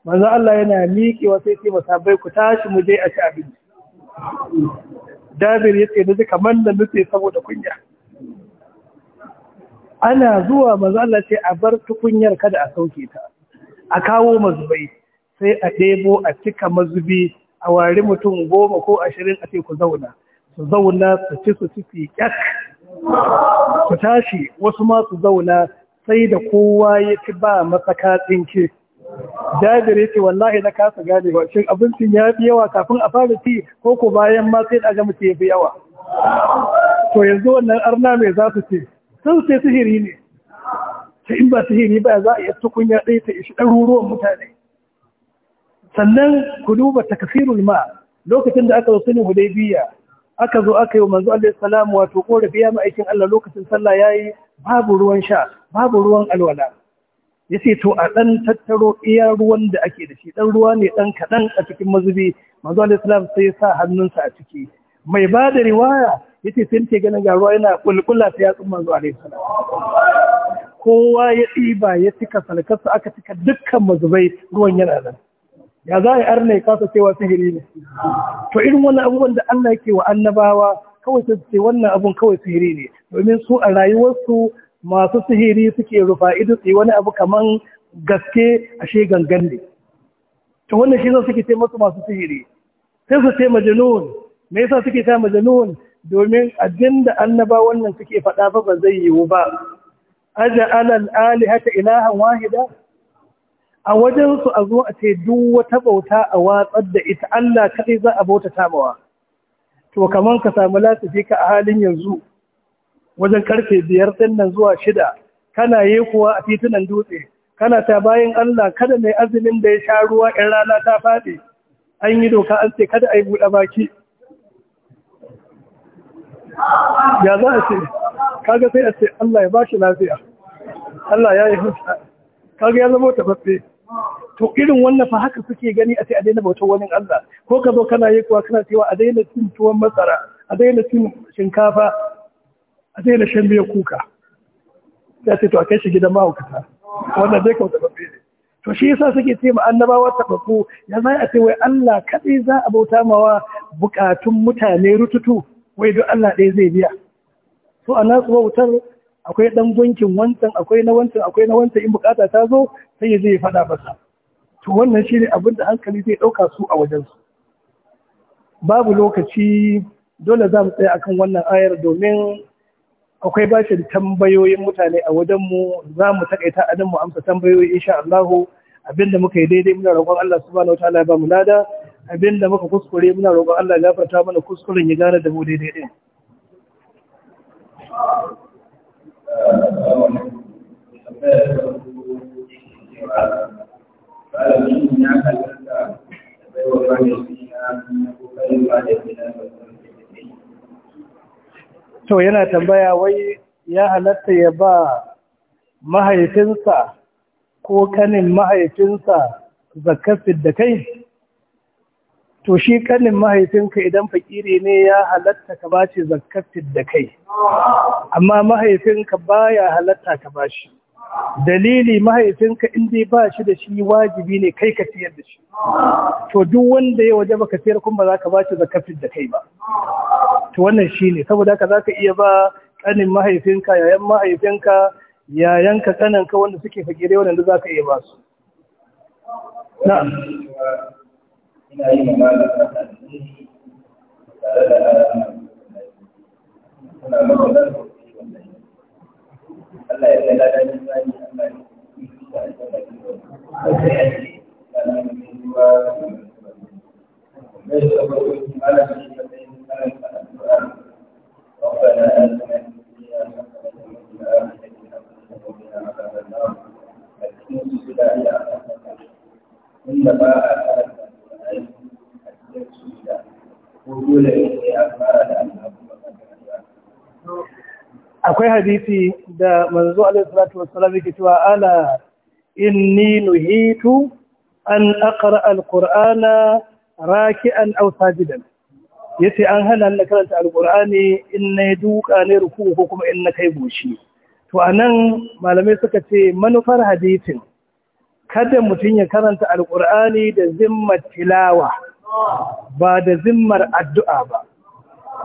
manzan Allah yana miƙewa sai ce masa bai ku tashi mu je a ci abinci dabir ya ce naji kamar da nufi saboda kunya ana zuwa manzan Allah ce a bar tukunyar kada a sauke ta a kawo mazubai sai a ɗebo a cika mazubi a wari mutum goma ko ashirin a teku ku zauna su zauna su ci su ci fi kyak ku tashi wasu ma su zauna sai da kowa ya ci ba masaka tsinke jabiri ce wallahi na kasa gane ba. shin abincin ya fi yawa kafin a fara ci ko ko bayan ma sai da gama ya fi yawa to yanzu wannan arna mai za su ce sun sai sihiri ne ta in ba sihiri ba za a iya tukunya ɗaya ta ishi ɗaruruwan mutane sannan ku duba takfirul ma lokacin da aka hudai biya, aka zo aka yi manzo Allah salamu wato korafi ya ma'aikin Allah lokacin sallah yayi babu ruwan sha babu ruwan alwala yace to a ɗan tattaro iya ruwan da ake da shi dan ruwa ne dan kaɗan a cikin mazubi manzo Allah sai ya sa hannunsa a ciki mai ba da riwaya yace sai ke ganin ga ruwa yana kulkula ta yatsun manzo Allah kowa ya ɗiba ya cika salkarsa aka cika dukkan mazubai ruwan yana nan ya za a yi arna ya kasa cewa sihiri ne to irin wannan abubuwan da Allah yake wa annabawa kawai su ce wannan abun kawai sihiri ne domin su a rayuwarsu masu sihiri suke rufa idu su wani abu kaman gaske ashe gangan ne to wannan shi zan suke ce masu sihiri sai su ce majnun me yasa suke ta majnun domin da annaba wannan suke faɗa fa ba zai yiwu ba aja alal alihata ilahan wahida a wajensu a zo a ce duk wata bauta a watsar da ita Allah kaɗai za a bauta tabawa to kamar ka samu lasifi ka a halin yanzu wajen karfe biyar ɗin nan zuwa shida kana yi kuwa a titunan dutse kana ta bayan Allah kada mai azumin da ya sha ruwa in rana ta faɗi an yi doka an ce kada a yi buɗe baki ya za a ce kaga sai a ce Allah ya ba shi lafiya Allah ya yi hutsa kaga ya ta tabbatse to irin wannan fa haka suke gani a ce a daina bautar wani Allah ko ka zo kana yi kuwa kana cewa a daina cin tuwon masara a daina cin shinkafa a daina shan miyar kuka ya ce to a kai shi gidan mahaukata wannan zai kawo tabbatse ne to shi yasa suke ce ma annabawa tabbaku ya zai a ce wai Allah kadai za a bauta mawa bukatun mutane rututu wai duk Allah ɗaya zai biya to a nasu wautar akwai dan gunkin wancan akwai na wancan akwai na wancan in bukata ta zo sai ya je ya faɗa masa to wannan shine abin da hankali zai ɗauka su a wajen su babu lokaci dole za mu tsaya akan wannan ayar domin akwai bashin tambayoyin mutane a wajen mu za mu takaita a nan mu amsa tambayoyi insha Allah abinda muka yi daidai muna roƙon Allah subhanahu wataala ya ba mu lada abinda muka kuskure muna roƙon Allah ya gafarta mana kuskuren ya gane da mu daidai din to yana tambaya wai ya halatta ya ba mahaifinsa ko kanin mahaifinsa zakafin da kai to shi kanin mahaifinka idan fakiri ne ya halatta ka bashi zakatin da kai amma mahaifinka baya halatta ka ba shi, dalili mahaifinka in dai ba shi da shi wajibi ne kai ka siyar da shi to duk wanda ya waje baka siyar kuma za ka ba shi da kai ba to wannan shi ne saboda haka za ka iya ba kanin mahaifinka yayan mahaifinka yayanka kananka wanda suke fakire wanda za ka iya ba su ina yi ma malam a tsanani tare da alama suna maka Allah ya kai ladan imani Allah ya da ya shi akwai hadisi da manzo alaihi salatu wassalam yake cewa ala inni nuhitu an aqra alqur'ana raki'an aw sajidan yace an hana ni karanta alqur'ani in na duka ne ruku ko kuma in na kai goshi to anan malamai suka ce manufar hadisin kada mutum ya karanta alƙur'ani da zimmar tilawa ba da zimmar addu'a ba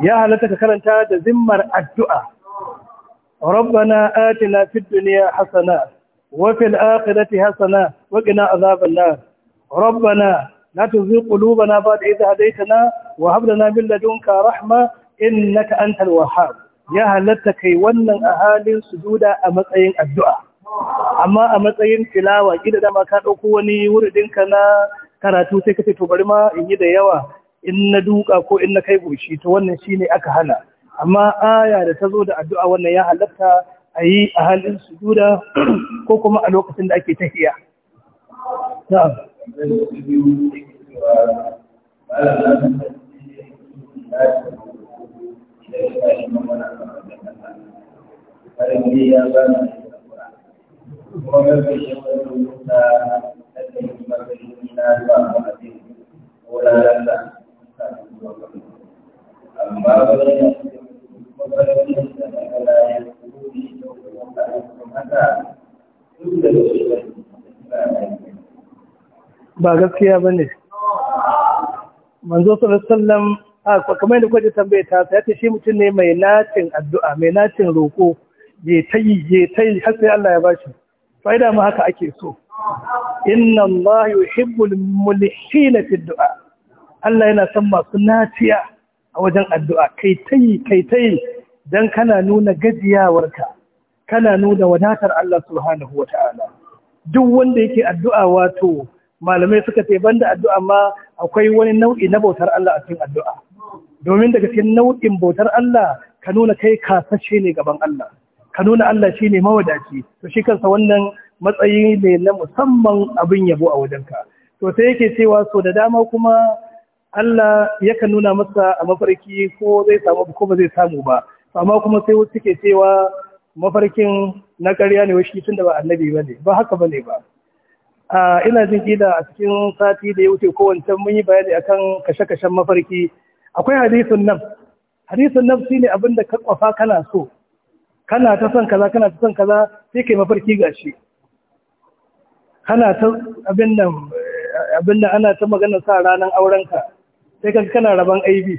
ya halatta ka karanta da zimmar addu'a rabbana atina fid dunya hasana wa fil akhirati hasana wa qina azaban rabbana la tuzigh qulubana ba'da idh hadaytana wa hab lana min ladunka rahma innaka antal wahhab ya halatta kai wannan a halin sujuda a matsayin addu'a amma a matsayin tilawa gida dama ka ɗauko wani wuridinka na karatu sai ka ce to bari ma in yi da yawa in na duka ko in na kai goshi to wannan shine aka hana amma aya da ta zo da addu'a wannan ya halatta a yi a halin sujuda ko kuma a lokacin da ake tahiya na'am ya ba gaskiya ba ne manzo sallallahu a kamar da kwaje tambaye ta sai ta shi mutum ne mai nacin addu'a mai nacin roko je ta yi je ta yi har sai Allah ya bashi Faida ma mu haka ake so inna Allah yuhibbul mulhina fi du'a Allah yana son masu naciya a wajen addu'a kai tayi kai tayi dan kana nuna gajiyawarka kana nuna wadatar Allah subhanahu wata'ala duk wanda yake addu'a wato malamai suka ce banda addu'a ma akwai wani nau'i na bautar Allah a cikin addu'a domin daga cikin nau'in bautar Allah ka nuna kai kasashe ne gaban Allah ka nuna Allah shi ne mawadaci to shi kansa wannan matsayi ne na musamman abin yabo a wajenka to sai yake cewa so da dama kuma Allah yakan nuna masa a mafarki ko zai samu ko ba zai samu ba amma kuma sai wasu suke cewa mafarkin na ƙarya ne wasu tun da ba annabi ba ne ba haka ba ne ba ina jin kila a cikin sati da ya wuce kowancan mun yi bayani akan kashe-kashen mafarki akwai hadisin nan hadisin nan shi ne abin da ka kwafa kana so kana ta son kaza kana ta son kaza sai kai mafarki gashi kana ta abin nan abin da ana ta magana sa ranar aurenka sai kaga kana rabon aibi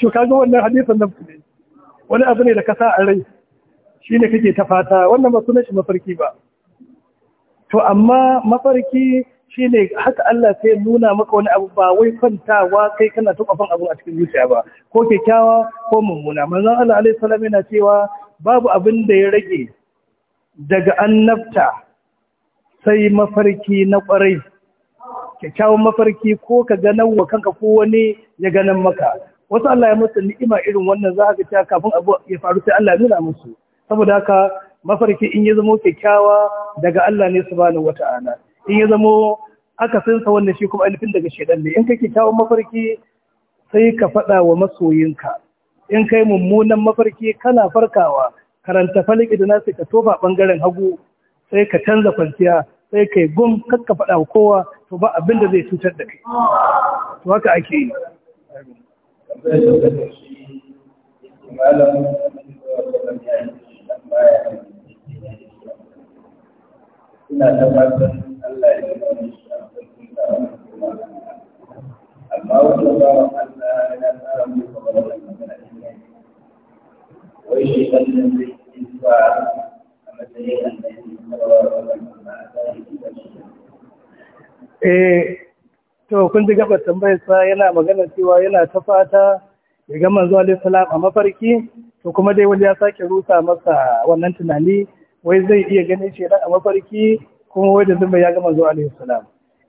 to kaga wannan hadisin nan ne wani abu ne da ka sa a rai shine kake ta fata wannan ba sunan shi mafarki ba to amma mafarki shi ne haka Allah sai nuna maka wani abu ba wai kwantawa kai kana kwafan abu a cikin zuciya ba ko kyakkyawa ko mummuna manzon Allah alaihi salam yana cewa babu abin da ya rage daga annabta sai mafarki na kwarai kyakkyawan mafarki ko ka ganan wa kanka ko wani ya ganan maka wasu Allah ya musu ni'ima irin wannan za ka ga kafin abu ya faru sai Allah ya nuna musu saboda haka mafarki in ya zama kyakkyawa daga Allah ne subhanahu wata'ala in ya zamo aka sinsa wannan shi kuma alifin daga shedan ne in kake kyawun mafarki sai ka faɗa wa masoyinka in kai mummunan mafarki kana farkawa karanta falki da nasu ka tofa bangaren hagu sai ka canza kwanciya sai kai gum kakka faɗa wa kowa to ba abin da zai cutar da kai to haka ake yi ina tabbatar Allah to kun ji gaba tambayar sa yana magana cewa yana ta fata ya ga manzo alaihi salam a mafarki to kuma dai wani ya sake rusa masa wannan tunani wai zai iya ganin shi a mafarki kuma wajen da zuba ya ga zuwa alayhi salam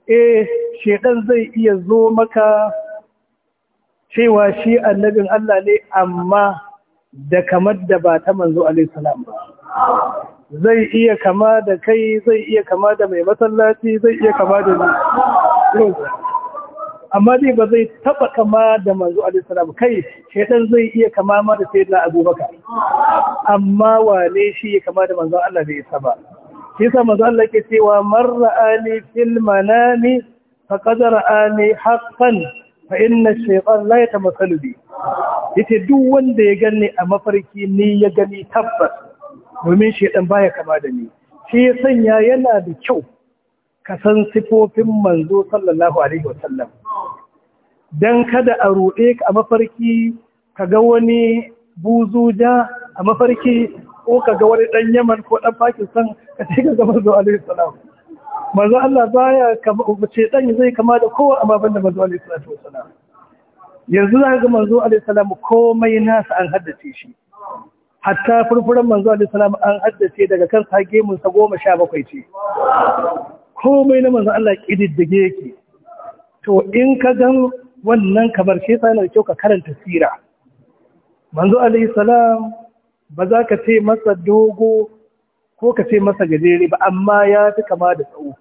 eh shekan zai iya zo maka cewa shi annabin Allah ne amma da kamar da ba ta manzo alayhi salam ba zai iya kama da kai zai iya kama da mai masallaci zai iya kama da ni amma dai ba zai taba kama da manzo alaihi salam kai shedan zai iya kama ma da sayyidina abubakar amma wane shi ya kama da manzo Allah bai isa saba? yasa mazalla ke cewa Marra'ani Filmanani fil manami qadara ani haqqan fa inna shaytan la yatamathalu bi yace duk wanda ya ganni a mafarki ni ya gani tabbas domin shaytan baya kama da ni shi ya sanya yana da kyau ka san sifofin manzo sallallahu alaihi wasallam dan kada a ruɗe ka a mafarki ka ga wani buzuja a mafarki ko ka ga wani ɗan Yaman ko ɗan Pakistan ka ce ka ga manzo alaihi salam manzo Allah baya kama ce ɗan zai kama da kowa amma banda manzo alaihi salatu yanzu za ga manzo alaihi salam komai nasa an haddace shi hatta furfuran manzo alaihi salam an haddace daga kan sage mun sa bakwai ce komai na manzo Allah kididdige yake to in ka gan wannan kamar shi sai na kyau ka karanta sira manzo alaihi salam ba za ka ce masa dogo ko ka ce masa gajere ba amma ya fi kama da tsawo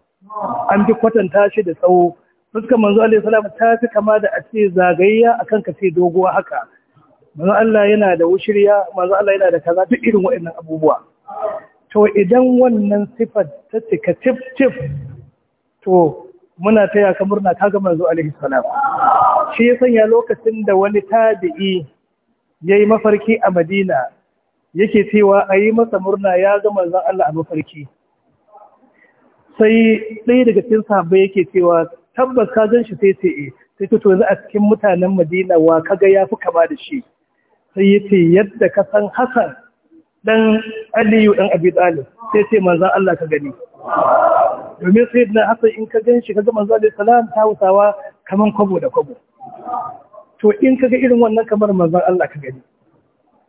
an fi kwatanta shi da tsawo fuskar manzo alaihi salama ta fi kama da a ce zagayya akan ka ce doguwa haka manzo Allah yana da wushirya manzo Allah yana da kaza duk irin waɗannan abubuwa to idan wannan sifar ta cika tif tif to muna taya ka murna kaga manzo alaihi salam shi ya sanya lokacin da wani tabi'i yayi mafarki a Madina yake cewa a yi masa murna ya ga manzon Allah a mafarki sai ɗaya daga cikin sahabbai yake cewa tabbas ka gan shi sai ce eh, sai to yanzu a cikin mutanen Madina wa kaga fi kama da shi sai ce yadda ka san Hassan ɗan Aliyu ɗan Abi ɗalib sai ce manzon Allah ka gani domin na Hassan in ka gan shi kaga manzon Allah ta hausawa kamar kwabo da kwabo to in ka ga irin wannan kamar manzon Allah ka gani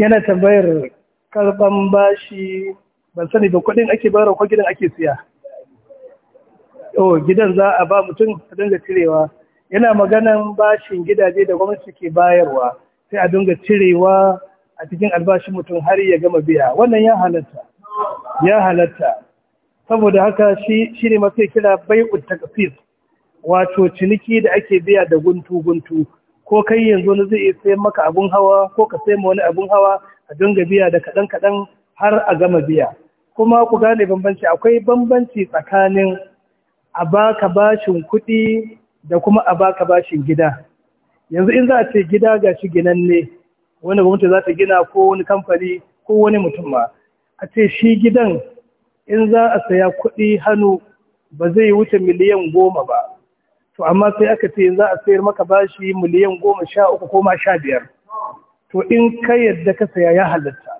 yana tambayar karban bashi ban sani ba kudin ake bayarwa ko gidan ake siya oh gidan za a ba mutum a dinga cirewa yana maganan bashin gidaje da gwamnati ke bayarwa sai a dinga cirewa a cikin albashin mutum har ya gama biya wannan ya halatta ya halatta saboda haka shi shine mafi kira bai'ut taqsir wato ciniki da ake biya da guntu guntu ko kai yanzu wani zai iya sayan maka abun hawa ko ka ma wani abun hawa a dinga biya da kaɗan kaɗan har a gama biya kuma ku gane bambanci akwai bambanci tsakanin a baka bashin kuɗi da kuma a baka bashin gida yanzu in za a ce gida ga shi ginanne wani gwamnati za ta gina ko wani kamfani ko wani mutum ma a ce shi gidan in za a saya kuɗi hannu ba zai wuce miliyan goma ba to amma sai aka ce za a sayar maka bashi miliyan goma sha uku ko ma sha biyar to in ka yadda ka saya ya halatta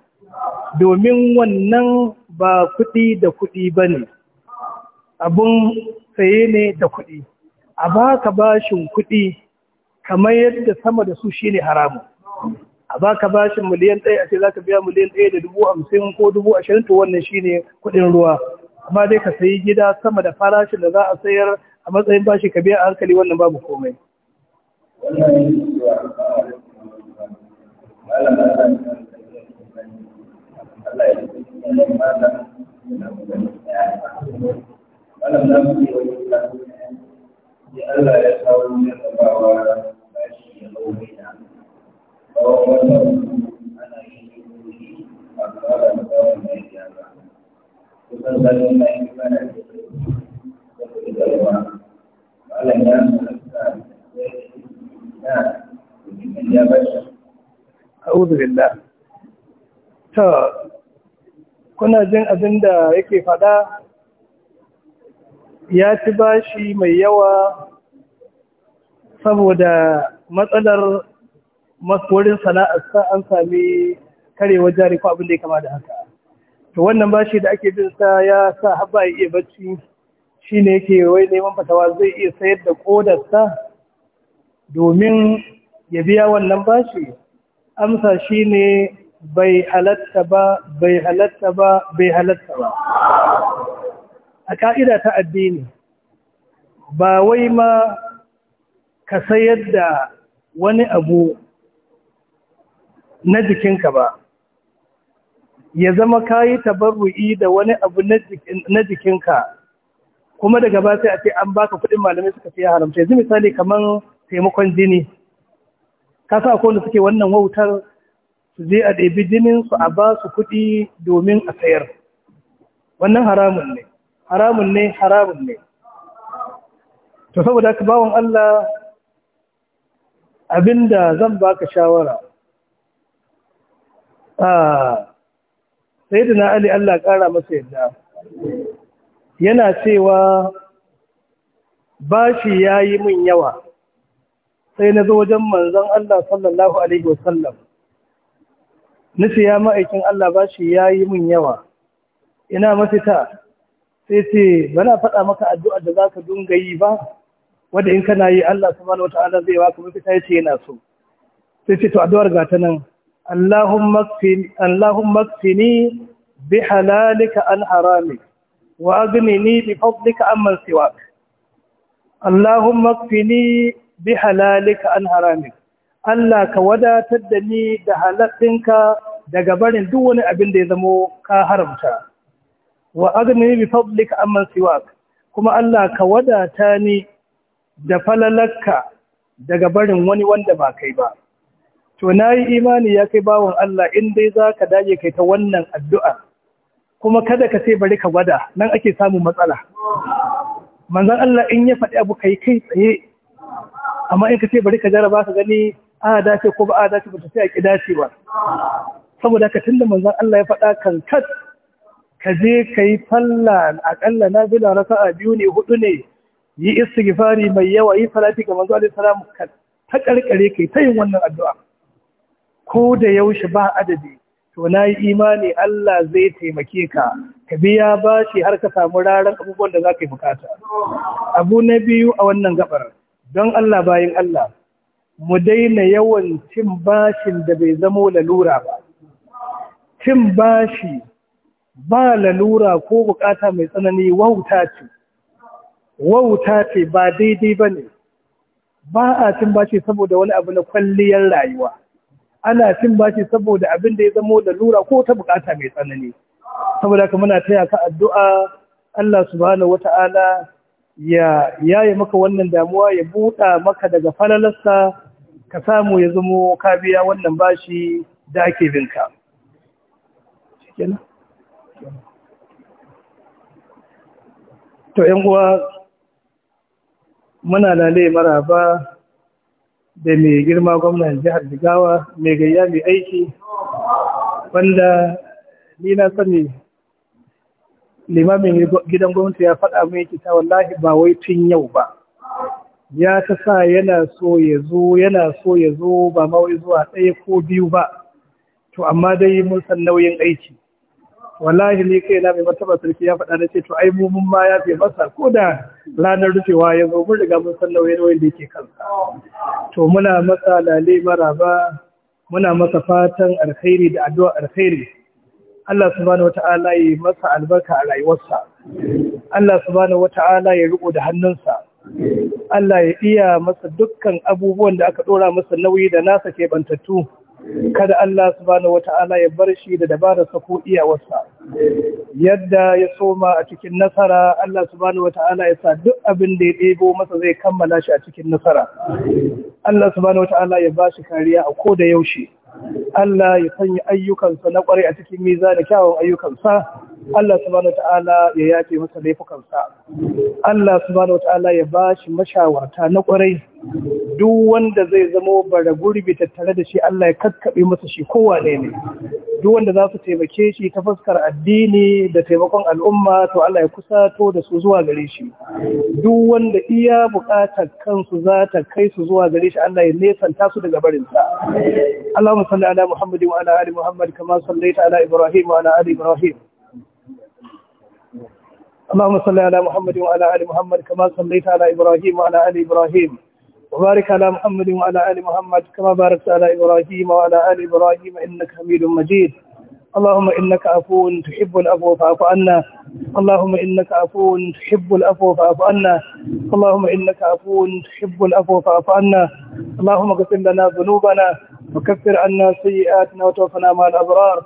domin wannan ba kuɗi da kuɗi ba ne abun saye ne da kuɗi a baka bashin kuɗi kamar yadda sama da su shine haramu, a baka bashin miliyan ɗaya a ce za ka biya miliyan ɗaya da dubu hamsin ko dubu ashirin to wannan shine kuɗin ruwa amma dai ka sayi gida sama da farashin da za a sayar a matsayin bashi ka biya a hankali wannan babu komai Allah ya kawo a'udhu kuna jin abin da yake faɗa ya ci bashi mai yawa saboda matsalar wurin sa an sami karewa jari ko abin da ya kama da haka to wannan bashi da ake bin sa ya sa haɓa iya bacci shi ne yake wai neman fatawa zai iya sayar da kodarsa domin ya biya wannan bashi amsa shi ne bai halatta ba bai halatta ba bai halatta ba a ka'ida ta addini ba wai ma ka sayar da wani abu na jikinka ba ya zama kayi tabarru'i da wani abu na jikinka kuma daga ba sai a ce an baka kuɗin malamai suka fiye ya haramta yanzu misali kamar taimakon jini ka sa akwai wanda suke wannan wautar su je a ɗabi jinin su a ba su kuɗi domin a sayar wannan haramun ne haramun ne haramun ne to saboda ka bawon Allah abinda zan baka shawara ah, sai da na Ali Allah ƙara masa yadda yana cewa bashi ya yi min yawa sai na zo wajen manzan Allah sallallahu Alaihi wasallam na ya ma'aikin Allah bashi ya yi min yawa ina mafita sai ce bana faɗa maka addu'a da za ka dunga yi ba wadda in kana yi Allah su wata wata'ala zai kuma mafita ya ce yana so sai ce to addu'ar ga ta nan Allahumma makfini bi halalika an haramik وأغنني بفضلك عمن سواك اللهم اكفني بحلالك عن حرامك Allah ka wadatar da ni da halattinka daga barin duk wani abin da ya zamo ka haramta wa agni bi fadlika amman siwak kuma Allah ka wadata ni da falalakka daga barin wani wanda ba kai ba to nayi imani ya kai bawon Allah in dai zaka dage kai ta wannan addu'a kuma kada ka sai bari ka gwada nan ake samun matsala manzon Allah in ya faɗi abu kai kai tsaye amma in ka sai bari ka jaraba ka gani a dace ko ba a dace ba ta sai a ki dace ba saboda ka tunda manzan Allah ya faɗa kan kat ka je ka yi falla kalla na bila raka'a biyu ne hudu ne yi istighfari mai yawa yi salati ga manzo alaihi salam ka ta karkare kai ta yin wannan addu'a ko da yaushe ba adadi to na yi imani Allah zai taimake ka ka biya bashi har ka samu rarar abubuwan da za ka yi bukata abu na biyu a wannan gabar don Allah bayan Allah mu daina yawan cin bashin da bai zamo lalura ba cin bashi ba lalura ko bukata mai tsanani wauta ce wauta ce ba daidai ba ne ba a cin bashi saboda wani abu na kwalliyar rayuwa ana cin bashi saboda abin da ya zamo da lura ko ta bukata mai tsanani saboda haka muna taya ka addu'a Allah subhanahu wata'ala ya yaye maka wannan damuwa ya buɗa maka daga falalarsa ka samu ya zamo ka biya wannan bashi da ake binka to yan uwa muna mara maraba da mai girma gwamnan jihar jigawa mai gayya mai aiki wanda ni na sani limamin gidan gwamnati ya faɗa mai kita wallahi ba wai tun yau ba ya ta sa yana so ya zo yana so ya zo ba ma wai zuwa ɗaya ko biyu ba to amma dai mun san nauyin aiki wallahi ni kai na mai martaba sarki ya faɗa na ce to ai mu mun ma ya fi masa ko da ranar rufewa ya zo mun riga mun san nauyin nauyin da yake kansa to muna masa lale maraba muna masa fatan alkhairi da addu'a alkhairi Allah subhanahu wata'ala ya masa albarka a rayuwarsa Allah subhanahu wata'ala ya riko da hannunsa Allah ya iya masa dukkan abubuwan da aka dora masa nauyi da nasa ke bantattu kada Allah subhanahu wata'ala ya bar shi da dabararsa ko iyawarsa yadda ya soma a cikin nasara Allah subhanahu wata'ala ya sa duk abin da ya ɗebo masa zai kammala shi a cikin nasara Allah subhanahu wata'ala ya ba shi kariya a ko da yaushe Allah ya sanya ayyukansa na ƙwarai a cikin miza da kyawun ayyukansa Allah subhanahu wataala ya yafe masa laifukansa Allah subhanahu wataala ya shi mashawarta na kwarai duk wanda zai zama bara gurbi tattare da shi Allah ya kakkaɓe masa shi kowane ne duk wanda za su taimake shi ta fuskar addini da taimakon al'umma to Allah ya kusato da su zuwa gare shi duk wanda iya bukatar kansu za ta kai su zuwa gare shi Allah ya nesanta su daga barinsa Allahumma salli ala Muhammad wa ala ali Muhammad kama sallaita ala Ibrahim wa ala ali Ibrahim اللهم صل على محمد وعلى آل محمد كما صليت على إبراهيم وعلى آل إبراهيم وبارك على محمد وعلى آل محمد كما باركت على إبراهيم وعلى آل إبراهيم إنك حميد مجيد اللهم إنك عفو تحب العفو فاعف عنا اللهم إنك عفو تحب العفو فاعف عنا اللهم إنك عفو تحب العفو فاعف عنا اللهم اغفر لنا ذنوبنا وكفر عنا سيئاتنا وتوفنا مع الأبرار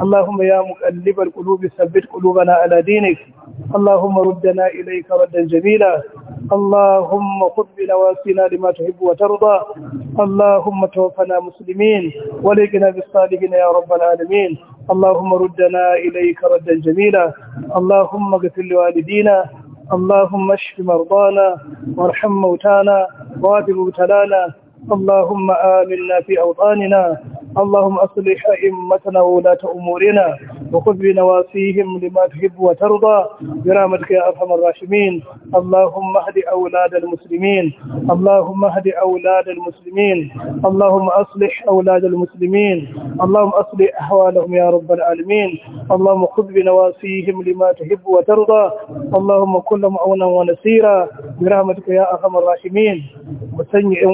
اللهم يا مقلب القلوب ثبت قلوبنا على دينك اللهم ردنا إليك ردا جميلا اللهم خذ بنواسينا لما تحب وترضى اللهم توفنا مسلمين ولقنا بالصالحين يا رب العالمين اللهم ردنا إليك ردا جميلا اللهم اغفر لوالدينا اللهم اشف مرضانا وارحم موتانا وادل مبتلانا اللهم آمنا في أوطاننا اللهم أصلح أئمتنا وولاة أمورنا وخذ بنواسيهم لما تحب وترضى برحمتك يا أرحم الراحمين اللهم اهد أولاد المسلمين اللهم اهد أولاد المسلمين اللهم أصلح أولاد المسلمين اللهم أصلح أحوالهم يا رب العالمين اللهم خذ بنواسيهم لما تحب وترضى اللهم كن معونا ونسيرا برحمتك يا أرحم الراحمين وسنئ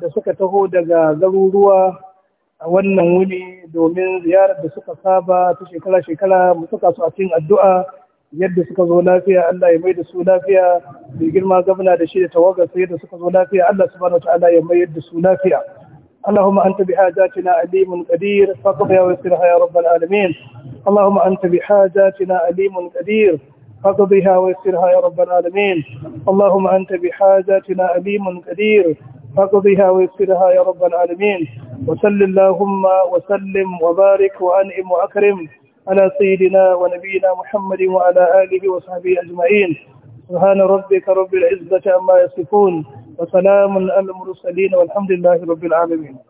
da suka taho daga garuruwa a wannan wuni domin ziyarar da suka saba ta shekara-shekara mu suka su a cikin addu'a yadda suka zo lafiya Allah ya mai da su lafiya mai girma gwamna da shi da tawagar sai da suka zo lafiya Allah subhanahu wataala ya mai da su lafiya اللهم أنت بحاجاتنا عليم قدير فاقضها ويسرها يا رب العالمين اللهم أنت بحاجاتنا عليم قدير فاقضها ويسرها يا رب العالمين اللهم بحاجاتنا عليم قدير فاقضها ويسرها يا رب العالمين وسل اللهم وسلم وبارك وأنئم وأكرم على سيدنا ونبينا محمد وعلى آله وصحبه أجمعين سبحان ربك رب العزة عما يصفون وسلام على المرسلين والحمد لله رب العالمين